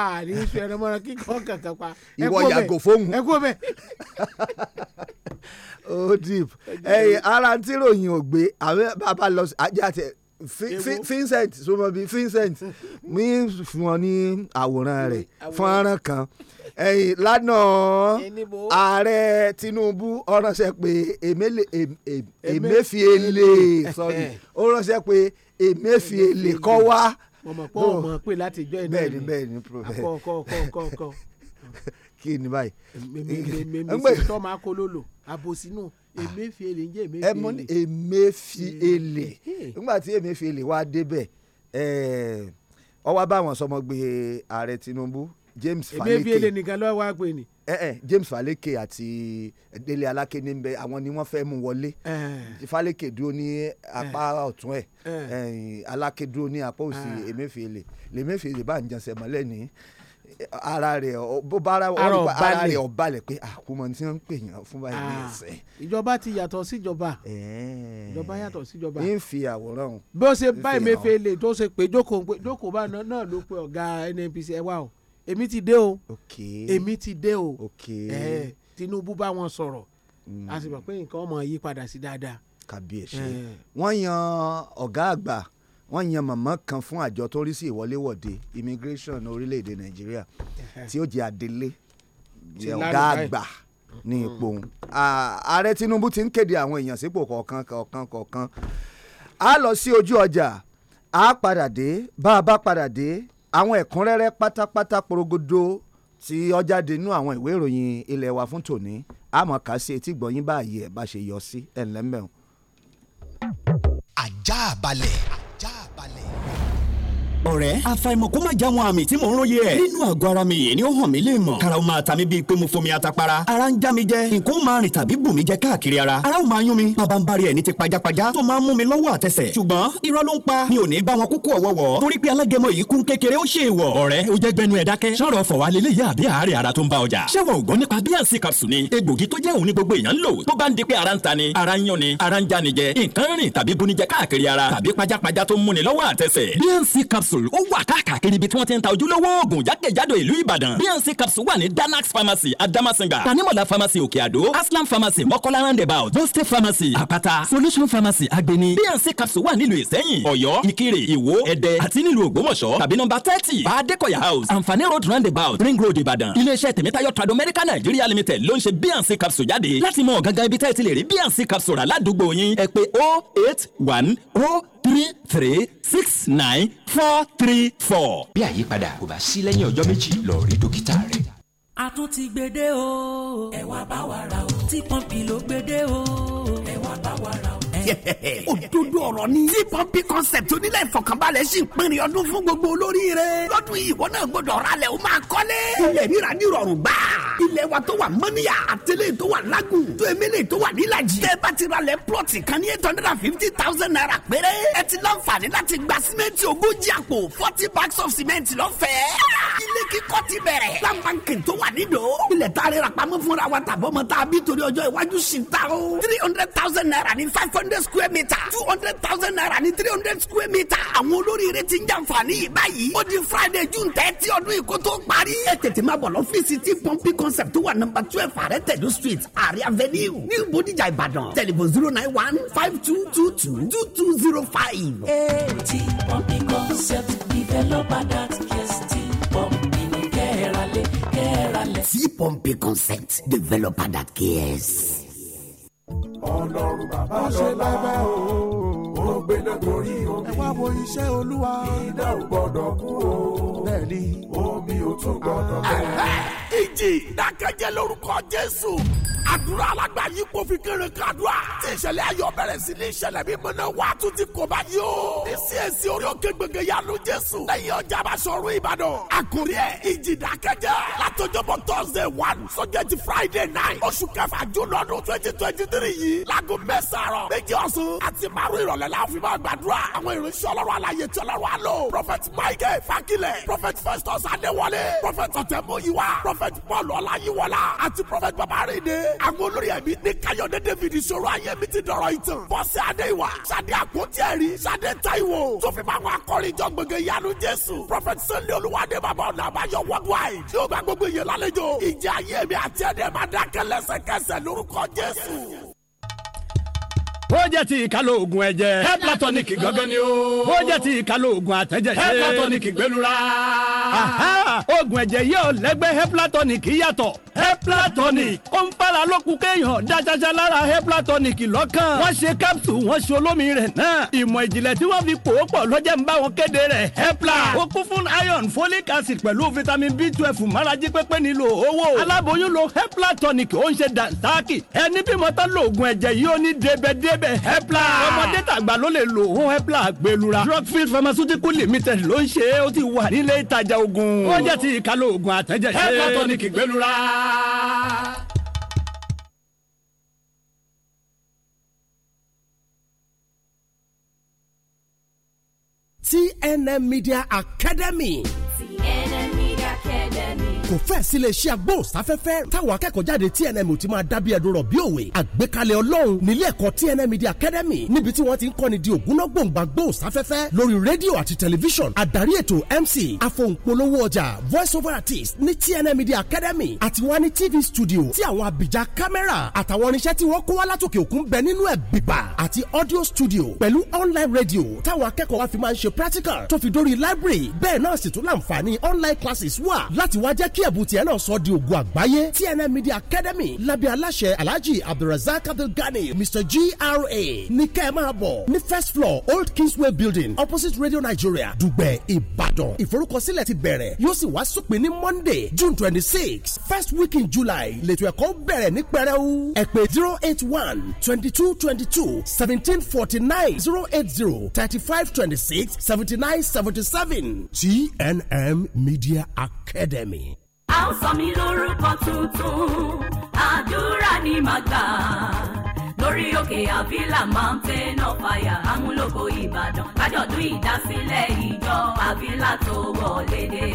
ààrẹ iṣu ẹ̀rọ mọ́ra kíkọ́ kankan pa. ìwọ yàgò fóun. ẹ kó bẹ́ẹ̀ ó dìp ẹyìn ara tí ròyìn ò gbé àwọn bàbá lọ ajá tẹ Vincent sọmọ bíi Vincent mi fún ọ ní àwòrán rẹ̀ fọ́nrán kan ẹ̀yìn lánàá ààrẹ Tinubu ó ránṣẹ́ pé Emefiele sorry ó ránṣẹ́ pé Emefiele kó wá. mọ̀mọ́ pọ̀ mọ̀ pé láti ìjọ ìnáwó bẹ́ẹ̀ ni bẹ́ẹ̀ ni ah, kọ́ kọ́ kọ́ kọ́. kí ni báyìí. mi mi mi mi mi sọ ma kó lolo àbòsí nù. Emefiele ń jẹ́ Emefiele. ẹ mú ní Emefiele nígbà tí Emefiele wá débẹ̀ ó wá bá wọn ààrẹ Tinubu James Faleke Emefiele nìkan ló wá pè ní. James Faleke àti Dele Alake ní bẹ àwọn ni wọ́n fẹ́ mú wọlé Faleke dúró ní apá ọ̀tún ẹ̀ Alake dúró ní apá òsì Emefiele lèmefiele bá ń jẹsẹ̀ mọ́lẹ̀ ní ara rẹ bára ara rẹ ọbalẹ pé àkómọ ah, tí wọn ń pè yàn fún báyìí ní ẹsẹ. Ah, ìjọba ti yàtọ̀ síjọba ìjọba yàtọ̀ síjọba. ń fi àwòrán o. bí ó ṣe bá Emefiele tó ṣe pé jókòó pé jókòó bá náà ló pe ọ̀gá NNPC ẹ wá o èmi ti dé o èmi ti dé o Tinubu bá wọn sọ̀rọ̀ mm. a sì mọ̀ pé nǹkan ọmọ yí padà sí dáadáa. kàbíyèsí wọ́n yan ọ̀gá àgbà wọ́n yan mọ̀mọ́ kan fún àjọ tó rí sí ìwọléwọ̀de immigration orílẹ̀-èdè nàìjíríà tí ó jẹ́ adelé ọ̀gá àgbà ní ipò mm. òun ààrẹ tinubu ti ń kéde àwọn èèyàn sípò kọ̀ọ̀kan kọ̀ọ̀kan kọ̀ọ̀kan a lọ sí ojú ọjà a padà dé bá a bá padà dé àwọn ẹ̀kúnrẹ́rẹ́ pátápátá porogodo tí ó jáde nínú àwọn ìwé ìròyìn ilé wa fún tòní àmọ́ kà sí etí gbọ̀nyìn báyìí ẹ̀ bá ṣe yọ sí ẹ̀ ńlẹ́mẹ̀ọ́. ajá balẹ̀ ọ̀rẹ́ àfàìmọ̀ kó má já wọn àmì tí mò ń róye ẹ̀. nínú àgọ́ ara mi yìí ni ó hàn mí lè mọ̀. kara ó máa ta mi bíi pé mo fomi atapara. ara ń já mi jẹ nǹkan ó máa rìn tàbí bù mí jẹ káàkiri ara. ara ó máa yún mi bàbá ń bari ẹ̀ ní ti pajápajá tó máa ń mú mi lọ́wọ́ àtẹsẹ̀. ṣùgbọ́n irọ́ ló ń pa mi ò ní bá wọn kúkú ọ̀wọ́wọ́ torí pé alágẹmọ yìí kún kékeré ó ṣe ìwọ̀. ọ̀rẹ́ o jẹ́ gbẹnu ẹ̀ dákẹ́. sọ̀rọ̀ fọ̀ wá capsule ó wà káàkiri ibi tí wọ́n ti ń ta ojúlówó oògùn jákèjádò ìlú ìbàdàn bnc capsule wà ní danax pharmacy adamasinga tanimola pharmacy òkè àdó aslam pharmacy mọ́kọ́lá roundabout boste pharmacy àpáta solution pharmacy agbeni bnc capsule wà nílùú ìsẹ́yìn ọ̀yọ́ ìkirè ìwó ẹdẹ àti nílùú ògbómọ̀ṣọ́ tàbí nọ́mbà thirty bá adékọ̀yà house àǹfààní road roundabout ring road ìbàdàn iléeṣẹ́ tèmítáyọ̀ tradomedical nigeria limited ló ń ṣe bnc capsule jáde láti mọ gangan ibi tẹ́ẹ̀ ti lè rí bnc capsule rà ládùúgbò yín ẹ pé 081 0 three three six nine four three four. bí àyípadà kò bá sí lẹ́yìn ọjọ́ méjì lọ rí dókítà rẹ. a tún ti gbede o. ẹ wá bá wa ra o. tí pọ́ǹpì ló gbede o. ẹ wá bá wa ra o yẹ̀yẹ̀. òdodo ọ̀rọ̀ ni. tí pọ́ńpì concept onílẹ̀ ìfọ̀kànbalẹ̀ sì ń pinrin ọdún fún gbogbo olórí rẹ̀. lọ́dún yìí ìwọ náà gbọ́dọ̀ ra lẹ̀ o máa kọ́lé. ilẹ̀ ríra ní ìrọ̀rùn gbà. ilẹ̀ wa tó wà mọ́níyà àtẹlẹ́ tó wà lágùn tó emele tó wà nílàjì. tẹ́ bá ti ra lẹ̀ plọ̀tì kan ní eight hundred and fifty thousand naira péré. ẹ ti láǹfààní láti gba símẹ́ǹtì ogójì àpò forty bags of cement lọ́fẹ̀ẹ́. ilé kíkọ́ ti bẹ̀rẹ̀. láǹbàǹkì tó wà nídò. ilẹ̀ tá a rẹ̀ rà pamọ́ fúnra wa tàbọ̀ mọ́ three hundred thousand naira ní five hundred hundred square meter two hundred thousand naira ní three hundred square meter. àwọn olóríire ti ń jàǹfààní yìí báyìí. ó di friday june thirty ọdún yìí kó tó parí. ẹ tètè máa bọ̀ lọ́fíìsì tí pọ́ńpì concept wà Number twelve àrẹ street àrẹ avenue ní bodijà ìbàdàn tẹlifon zero nine one five two two two two two zero five. ti pọ́ńpì concept developer that gets ti pọ́ńpì ní kẹ́ẹ̀rẹ́lẹ̀ kẹ́ẹ̀rẹ́lẹ̀. ti pọ́ńpì concept developer that cares ọlọ́run bàbá ṣe lábẹ́ o ó gbéná gorí o wá wo iṣẹ́ olúwa. iná ò gbọ́dọ̀ kú o. bẹ́ẹ̀ni. omi ò tún gbọ́dọ̀ bẹ́ẹ̀. Ah, ah. ìjì dákẹ́jẹ́ lórúkọ jésù àdúrà alàgbà yìí kò fi kéré kàdúrà. tí ìṣẹ̀lẹ̀ ayọ̀ bẹ̀rẹ̀ sí ní ìṣẹ̀lẹ̀ mímọ́ náà wà tún ti kò bá yí o. ní csc orí òkè gbẹ̀gẹ̀ yanu jésù. lẹ́yìn ọjà àbáṣọrún ìbàdàn. àkórí ẹ̀ ìjìdákẹ́jẹ́. látọjọ́bọ̀ thursday one sọjẹ́tì friday night. oṣù kẹfà júlọ ọdún twenty twenty three yìí. láago mẹ́sàn-án méjì ọ̀sán àti márùn-ún ìrọ̀lẹ́ la fi máa gbàdúrà. àwọn ìrìn ìránṣẹ́ ọlọ́run àlàyé tí ọlọ́run àlò prophet michael fakilẹ̀ prophet festus adéwọlé prophet ọ̀tẹ̀mọ́yíwá prophet paul ọláyíwọlá àti prophet babarinde àwọn olórí ẹ̀mí ní kayọ̀dé david ìṣòro ayé mi ti dọ̀rọ̀ ìtàn bọ́sì adéwà sade àpótíẹ̀rí sade taiwo tó fi máa wọn akọrin jọ gbẹgẹ yanu jésù prophet sunday olúwadé bàbá ọ̀nà àbáyọ worldwide yóò gba gbogbo ìyẹn lálejò ìjà ayé mi àti ẹ̀dẹ̀ máa dákẹ́ lẹ́sẹ̀kẹsẹ̀ lórúkọ jésù ó jẹ́ ti ẹ̀jẹ̀. heplatonic gángan o. ó jẹ́ ti àtẹ̀jẹ̀ ṣe. heplatonic oògùn ẹ̀jẹ̀ yìí ò lẹ́gbẹ́ heplatonic yàtọ̀ heplatonic ó ń fara lókun kéèyàn dáṣaṣa lára heplatonic lọ́kàn wọ́n ṣe capsule wọ́n ṣe olómi rẹ̀ náà ìmọ̀ ìjìnlẹ̀ tí wọ́n fi pò ó pọ̀ lọ́jẹ́ ń bá wọn kéde rẹ̀ hepla ó kún fún iron folic acid pẹ̀lú vitamin b twelve márajì pépé nílò owó aláboyún lo heplatonic ó ń ṣe dànsáàkì ẹni bímọ tán lóògùn ẹ̀jẹ̀ yìí ó ní débẹ̀débẹ̀ hepla ọmọdé tàgbà ló lè lò hepla gbẹlura drugfield pharmaceutical limited ló ń ṣe é ó ti wà nílé ìtajà ogun. ó jẹ́ ti ìkálò ogun àtẹ́jẹ́ ṣe. health tonic gbẹlura. TNM Media Academy. TNM Media Academy kò fẹ́ sílé iṣẹ́ agbóhùnsáfẹ́fẹ́ táwọn akẹ́kọ̀ọ́ jáde TNM ti máa dábìí ẹ̀dùn rọ̀ bí òwe àgbékalẹ̀ ọlọ́run nílé ẹ̀kọ́ TNM Media Academy níbi tí wọ́n ti ń kọ́ni di ògúnná gbòǹgbà gbóhùnsáfẹ́fẹ́ lórí rédíò àti tẹlifíṣọ̀n àdarí ètò MC afohùnpolówó ọjà voice over artist ní TNM Media Academy àti wá ní TV studio tí àwọn abìjà kámẹ́rà àtàwọn irinṣẹ́ tí wọ́n kó wá látòkè òkun bẹ nínú ẹ̀ bìbà àti audio studio pẹ̀lú online radio táwọn akẹ́kọ̀ọ́ wa fi máa ń ṣe practical tó fi dórí library bẹ́ẹ̀ náà sì tún láǹfààní online classes wà láti wá jẹ́ k kí ẹ̀bùn tiẹ̀ náà sọ di ògo àgbáyé TNM Media Academy lábẹ́ aláṣẹ Alhaji Abdulrasaq Abdulgani Mr GRA ní kẹ́ ẹ bọ̀ ní first floor Old Kingsway Building opposite Radio Nigeria Dùgbẹ̀ Ìbàdàn ìforúkọsílẹ̀ ti bẹ̀rẹ̀ yóò sì wá sópin ní Monday June twenty six first week in July lẹ́tọ̀ ẹ̀kọ́ bẹ̀rẹ̀ ní pẹrẹu ẹ pè zero eight one twenty two twenty two seventeen forty nine zero eight zero thirty five twenty six seventy nine seventy seven TNM Media Academy a ń sọ mí lórúkọ tuntun àdúrà ni màá gbà lórí òkè àbílà mountain of fire amúlòkọ ìbàdàn lájọ̀dún ìdásílẹ̀ ìjọ àbílà tó wọlé dé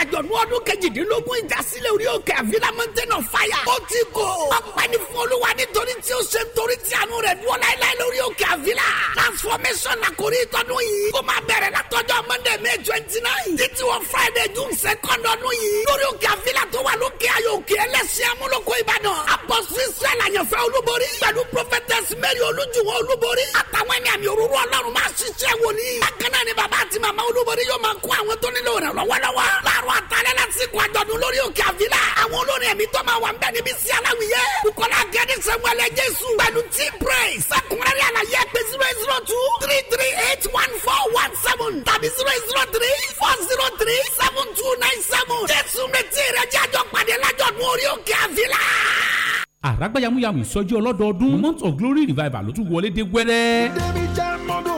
àjọ̀dún ọdún kejìdínlógún ìdásílẹ̀ orí òkè àfihàn mountain of fire. ó ti kò ọ̀pẹ́ni fún olúwa nítorí tí ó ṣe nítorí tí àánú rẹ̀ dúró láéláé lórí òkè àfihàn. transformation làkórí ìtọ́dún yìí. kó máa bẹ̀rẹ̀ látọjọ́ monday may twenty nine. títí wọ friday june second ọdún yìí. lórí òkè àfihàn tó wà lókè ayò òkè ẹlẹ́sìn amúlòkó ìbàdàn. apọ́sí israẹl àyànfẹ́ olúborí. pẹ̀lú prophetess mary olújùwọ̀n olúborí. àtàwọn ẹni àmì òróró ọlọ́run máa ṣiṣẹ́ wòlíì. bákan náà ni bàbá àti màmá olúborí yóò máa kó àwọn tó nílò rẹ̀ lọ́wọ́lọ́wọ́. láàrú àwọn àtàlẹ́ lásìkò àjọ̀dún lórí òkè àfilà àwọn olórin ẹ̀mí tó máa wà ń bẹ̀ níbi sí aláwìyé bukola gẹ́ni samuel jésù pẹ̀lú team praise sẹ́kùnrẹ́rẹ́ àlàyé pé zero zero two three three eight one four one seven tàbí zero zero three four zero three seven two nine seven jésù retí rẹ̀ jẹ́ àjọ pàdé lájọ̀dún orí òkè àfilà àràgbáyàmúyàmú ìsọjí ọlọ́dọọdún month of glory revival ló tún wọlé dé gbẹ́rẹ́. débi jẹ́ mọ́ bí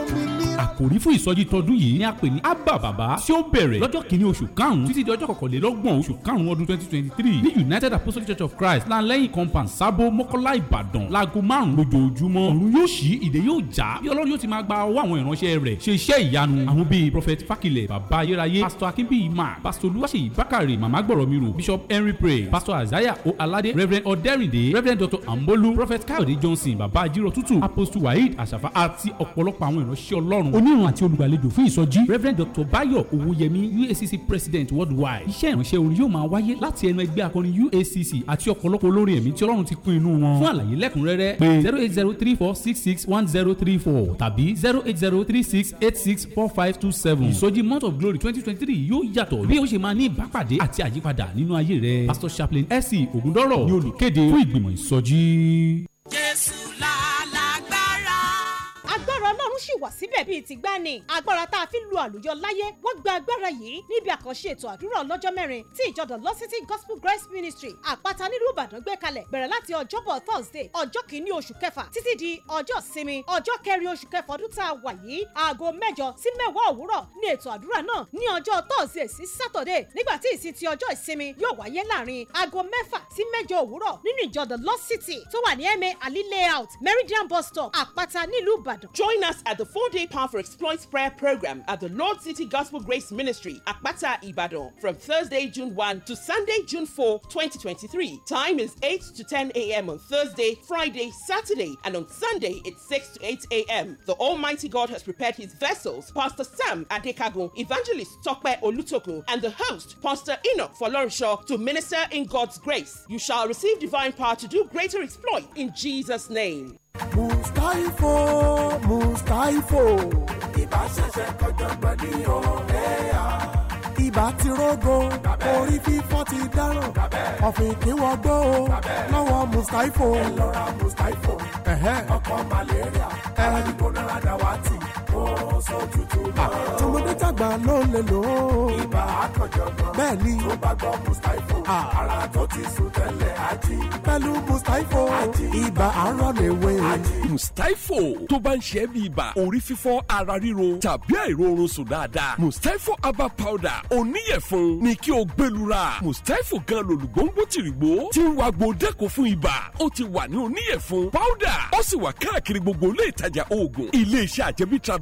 àkòrí fún ìsọjí tọdún yìí ni a pè ní abba baba tí ó bẹ̀rẹ̀ lọ́jọ́ kìíní oṣù karùn-ún títí di ọjọ́ kọkànlélọ́gbọ̀n oṣù karùn-ún ọdún twenty twenty three ní united apostolic church of christ lanlẹ́yìn compound sábó mọ́kọ́lá ìbàdàn láago márùn-ún lójoojúmọ́ ọ̀run yóò ṣí ìdè yóò já bí ọlọ́run yóò ti máa gba ọwọ́ àwọn ìránṣẹ́ rẹ̀ ṣe iṣẹ́ ìyanu àwọn bíi prophet fakilẹ̀ bàbá ayérayé pastor akínbíyì mark pastor olúwaṣeyì bákàrè màmá gbọ̀rọ̀mìrò bishop henry pray pastor azaya o alade reverend ọ̀dẹ́rìndé reverend dr ambolu prophet káyọ̀dé johnson bàbá ajírọ̀tútù apostle waheed àṣàfà àti ọ̀pọ̀lọpọ̀ àwọn ìránṣẹ́ ọlọ́run onírun àti olùgbàlejò fún ìsọjí. reverend dr bayo owóyẹmí uacc president worldwide. iṣẹ́ ìránṣẹ́ orin yóò máa wáyé láti ẹnu ẹgbẹ́ akọrin uacc àti ọ̀pọ̀lọpọ̀ olórin ẹ̀mí tí ọlọ́run ti pín inú wọn. fún àlàyé lẹ́kùnrẹ́rẹ́ pé zero eight zero three four six six one zero three four tàbí zero eight zero three six eight six four five two seven. ìsọjí month of glory twenty twenty three yóò yàtọ̀ bí ó ṣe máa ní ìbápàdé àti àyípadà nínú ayé rẹ. pastor chaplain s ogundoro ni olùkéde fún ìgbìmọ̀ ìsọjí. jésù lá ọlọ́run sì wà síbẹ̀ bíi ti gbá ni agbára tá a fi lu àlùyọ láyé wọ́n gba agbára yìí níbi àkànṣe ètò àdúrà ọlọ́jọ́ mẹ́rin tí ìjọ The Lost City Gospel Grace Ministry àpáta nílùú Ìbàdàn gbé kalẹ̀ bẹ̀rẹ̀ láti ọjọ́bọ̀ Thursday ọjọ́ kìíní oṣù kẹfà títí di ọjọ́ sinmi ọjọ́ kẹrin oṣù kẹfà ọdún tá a wà yìí aago mẹ́jọ sí mẹ́wàá òwúrọ̀ ní ètò àdúrà náà ní ọjọ́ Thursday sí Saturday nígbà tí ìsìn ti ọjọ́ ìsinmi yóò wáyé láàrin aago mẹ́fà sí mẹ́jọ òwúrọ̀ nínú ìjọ The Lost City tó wà ní ali layout Meridian bus stop àpáta nílùú join Join us at the four day Power for Exploits prayer program at the Lord City Gospel Grace Ministry, Akbata Ibadan, from Thursday, June 1 to Sunday, June 4, 2023. Time is 8 to 10 a.m. on Thursday, Friday, Saturday, and on Sunday, it's 6 to 8 a.m. The Almighty God has prepared his vessels, Pastor Sam Adekagun, Evangelist Tokwe Olutokun, and the host, Pastor Enoch Folorisho, to minister in God's grace. You shall receive divine power to do greater exploit in Jesus' name. mustaifo mustaifo ibà ṣẹ̀ṣẹ̀ kọjọgbọ́n ní ọ̀rẹ́ à ibà ti rógo orí fífọ́ ti dáràn ọ̀fìn kí wọ́n gbó o lọ́wọ́ mustaifo ẹ lọ ra mustaifo ọkọ̀ malaria ara ní kò náírà dáwà tì tọmọdé tàgbà ló lè lò ó. ibà àkànjọ̀gbọ́n. bẹ́ẹ̀ ni. tó bá gbọ́ mustapho. ara tó ti sùn tẹ́lẹ̀ ají. pẹ̀lú mustapho. ají ibà arọ lè wé. ají mustapho tó bá ń ṣe é bí ibà orí fífọ́ ara ríro tàbí àìróorun sùn dáadáa. mustapho herbal powder oníyẹ̀fun ni kí o gbẹlura. mustapho gan lòlùgbòǹgbò tìrìgbò ti ń wa gbo dẹ́kun fún ibà. ó ti wà ní oníyẹ̀fun powder ó sì wà káàkiri gbogbo ilé ìtajà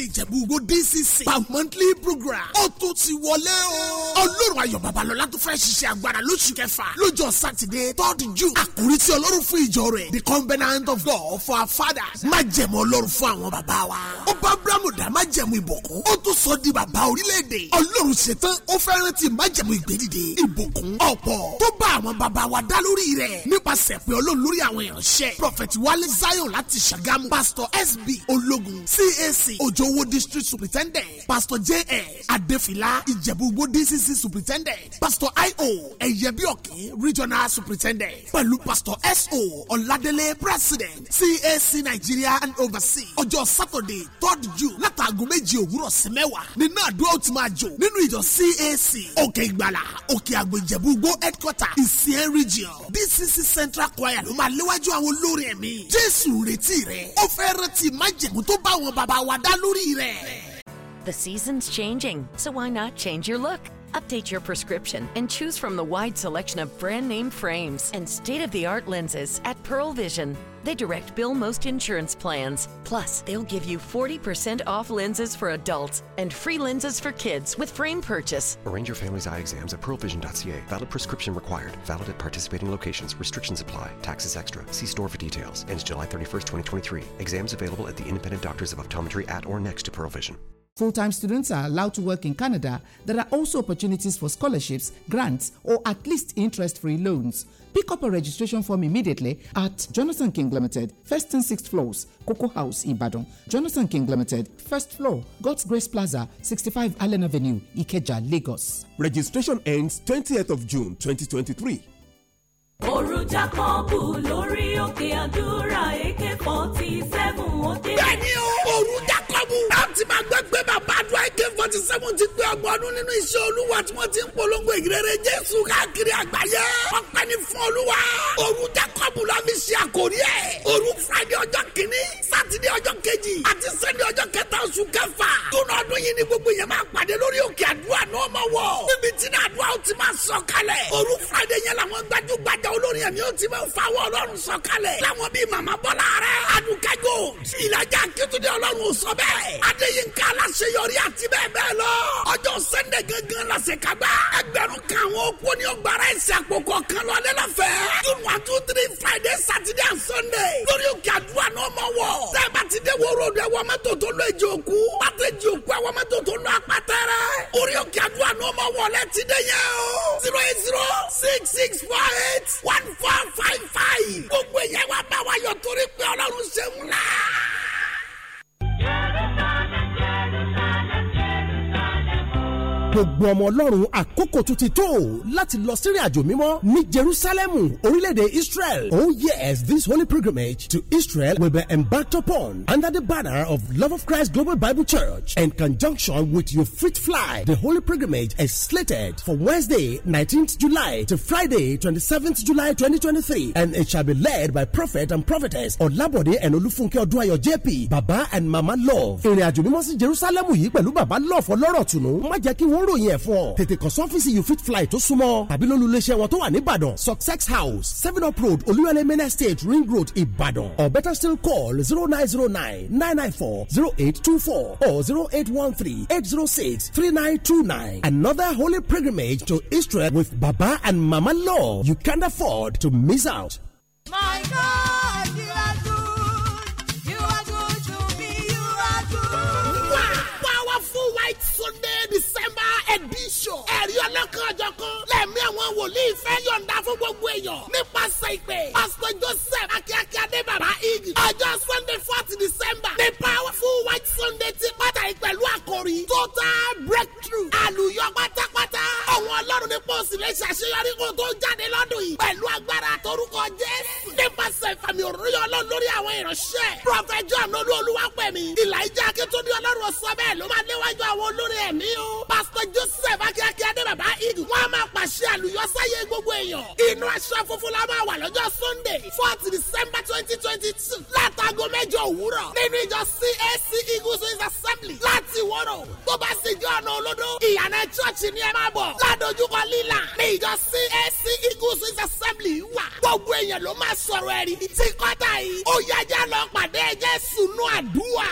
ìjẹ̀bú-ògo dcc per monthly program ó tún ti wọlé o. ọlọ́run ayọ̀ babalọ́lá tó fẹ́ ṣiṣẹ́ agbára lóṣù kẹfà lọ́jọ́ sátidé third june àkórí tí ọlọ́run fún ìjọ rẹ̀ the covenant of God for our fathers májẹ̀mú ọlọ́run fún àwọn bàbá wa. ó bá abrahamu dá májẹ̀mú ìbọ̀kún ó tún sọ di bàbá orílẹ̀-èdè ọlọ́run ṣetán ó fẹ́ rántí májẹ̀mú ìgbédìde ìbùkún ọ̀pọ̀ tó bá àwọn bàbá wa dá lórí rẹ̀ nípasẹ̀ pé ọlọ́run lórí àwọn èèyàn ṣẹ́ prophet wale zion láti ṣàgámù pastor sb ológun cac òjò ìjòwò district superintendent pastor J. js adefila ìjẹ̀bú-igbó dcc superintendent pastor I. io ẹ̀yẹ́bíọ̀kín regional superintendent pẹ̀lú pastor S. so ọ̀làdélé president cac nigeria and overseas ọjọ́ saturday third june látàgò méjì òwúrọ̀ sí mẹ́wàá nínú àdúrà ó ti máa jò nínú ìjọ cac òkè ìgbàlà òkè àgbò ìjẹ̀bú headquarter ìsìn region dcc central choir ló máa léwájú àwọn olórin ẹ̀mí jésù retí rẹ̀ ó fẹ́ rántí májèmú tó bá àwọn bàbá wa dá lórí The season's changing, so why not change your look? Update your prescription and choose from the wide selection of brand name frames and state of the art lenses at Pearl Vision. They direct bill most insurance plans. Plus, they'll give you 40% off lenses for adults and free lenses for kids with frame purchase. Arrange your family's eye exams at pearlvision.ca. Valid prescription required. Valid at participating locations. Restrictions apply. Taxes extra. See store for details. Ends July 31st, 2023. Exams available at the independent doctors of optometry at or next to Pearl Vision. Full time students are allowed to work in Canada. There are also opportunities for scholarships, grants, or at least interest free loans. Pick up a registration form immediately at Jonathan King Limited, first and sixth floors, Cocoa House, Ibadan. Jonathan King Limited, first floor, God's Grace Plaza, 65 Allen Avenue, Ikeja, Lagos. Registration ends 20th of June 2023. òru lórí òkè àdúrà ak dé. bẹ́ẹ̀ni o òru a ti máa gbẹ́ pé bàbá àdúrà AK forty seven ti pé ọgbọ̀n ọdún nínú iṣẹ́ olúwa tí wọ́n ti ń polongo ìrere jésù káàkiri àgbáyé ọpẹ́ ni fún olúwa òru jacob la fi ṣe àkórí ẹ̀ òru friday ọjọ́ kìíní sátidé ọjọ́ kejì àti sẹ́ndé ọjọ́ kẹta oṣù kẹfà dúnà ọdún yìí ni gbogbo yẹn máa pàdé lórí òkè àdúrà náà mọ̀ wọ̀ níbi tí náà ti máa sọ oru òru friday yẹn làwọn gbajúgbajà olórin ẹ̀mí ó ti máa ń fawọ́ ọlọ́run sọ kalẹ̀. làwọn bíi màmá bọ́lá rẹ̀ adùnkẹ́jọ ìlàjà kìtùdé ọlọ́run ò sọ bẹ́ẹ̀. adéyínká aláṣeyọrí àti bẹ́ẹ̀ bẹ́ẹ̀ lọ. ọjọ́ sẹ́ndẹ̀ gangan làṣẹ kagbá. ẹgbẹ̀rún kan àwọn ní ọgbàrá ẹ̀sẹ̀ àpòkọ̀ kan lọ alẹ́ lọ́fẹ̀ẹ́. june one two three friday saturday and sunday. lórí òkè àdúrà náà mọ̀ wọ̀. sẹ́ẹ̀bà ti dé wo ròdù ẹ̀wọ̀ mẹ́tò tó lọ èjì òkú. pàtẹ́jì òkú ẹ̀wọ̀ mẹ́tò tó lọ àpàtẹ́rẹ́. orí zero eight zero six six four eight one four five five gbogbo ìyẹn wa yọ torí pé ọlọ́run ṣe ń la. gbogbo ọmọ ọlọ́run àkókò tún ti tó láti lọ sírìn àjò mímọ́ ní jerusalemu orílẹ̀-èdè israel oh yes this holy pilgrimage to israel will be embarked upon under the banner of love of christ global bible church in conjunction with your fit fly the holy pilgrimage is slated for wednesday 19th july to friday 27th july 2023 and it shall be led by prophet and prophetess olabode and olufunke oduayo jp baba and mama love ìrìn àjò mímọ́ sí jerusalemu yìí pẹ̀lú baba love ọlọ́rọ̀ tùnú má jẹ́ kí wọ́n ń ròyìn fún ọ tètè kàn sọ́fíìsì you fit fly tó súnmọ́ tàbí lólùléṣẹ́ wọn tó wà nìbàdàn success house seven up road olúyọlé main estate ring road ìbàdàn or better still call zero nine zero nine nine nine four zero eight two four or zero eight one three eight zero six three nine two nine another holy pilgrimage to Israel with Baba and Mama Law you can't afford to miss out. My God, edition ẹ̀rí ọlọ́kanjọ kan lẹ́mí àwọn wòlíì fẹ́ yọ̀ǹda fún gbogbo èèyàn nípasẹ̀ ìpè pásítọ̀ joseph akíákí adébàbá igi ọjọ́ sunday fourth december ní powerful white sunday ti pàtàkì pẹ̀lú àkòrí total breakthrough àlùyọ pátápátá àwọn ọlọ́run ní pọ́ọ̀sì rẹ̀ ṣàṣeyọrí kó tó jáde lọ́dún yìí pẹ̀lú agbára torúkọ jésù nípasẹ̀ ìfàmì òróró ọlọ́run lórí àwọn ìránṣẹ́ prọfẹ̀ john olú olúwapẹ̀mí ìlàjà akíntúndí ọlọ́run sọ bẹ́ẹ̀ ló máa léwájú àwọn olórin ẹ̀mí o pásítọ̀ joseph akíákíá dé bàbá ig wọn a máa pàṣẹ àlùyọ́sáyé gbogbo èèyàn inú aṣọ funfun la máa wà lọ́jọ́ sunday fourth december twenty twenty two látago mẹ́jọ òwúrọ̀ nínú church ni ẹ máa bá dojúkọ líla ní ìjọ CAC eagles assembly wà. gbogbo èèyàn ló máa sọ̀rọ̀ ẹ̀rí. tí kọ́tà yìí ó yájà lọ pàdé Jésù nú àdúrà.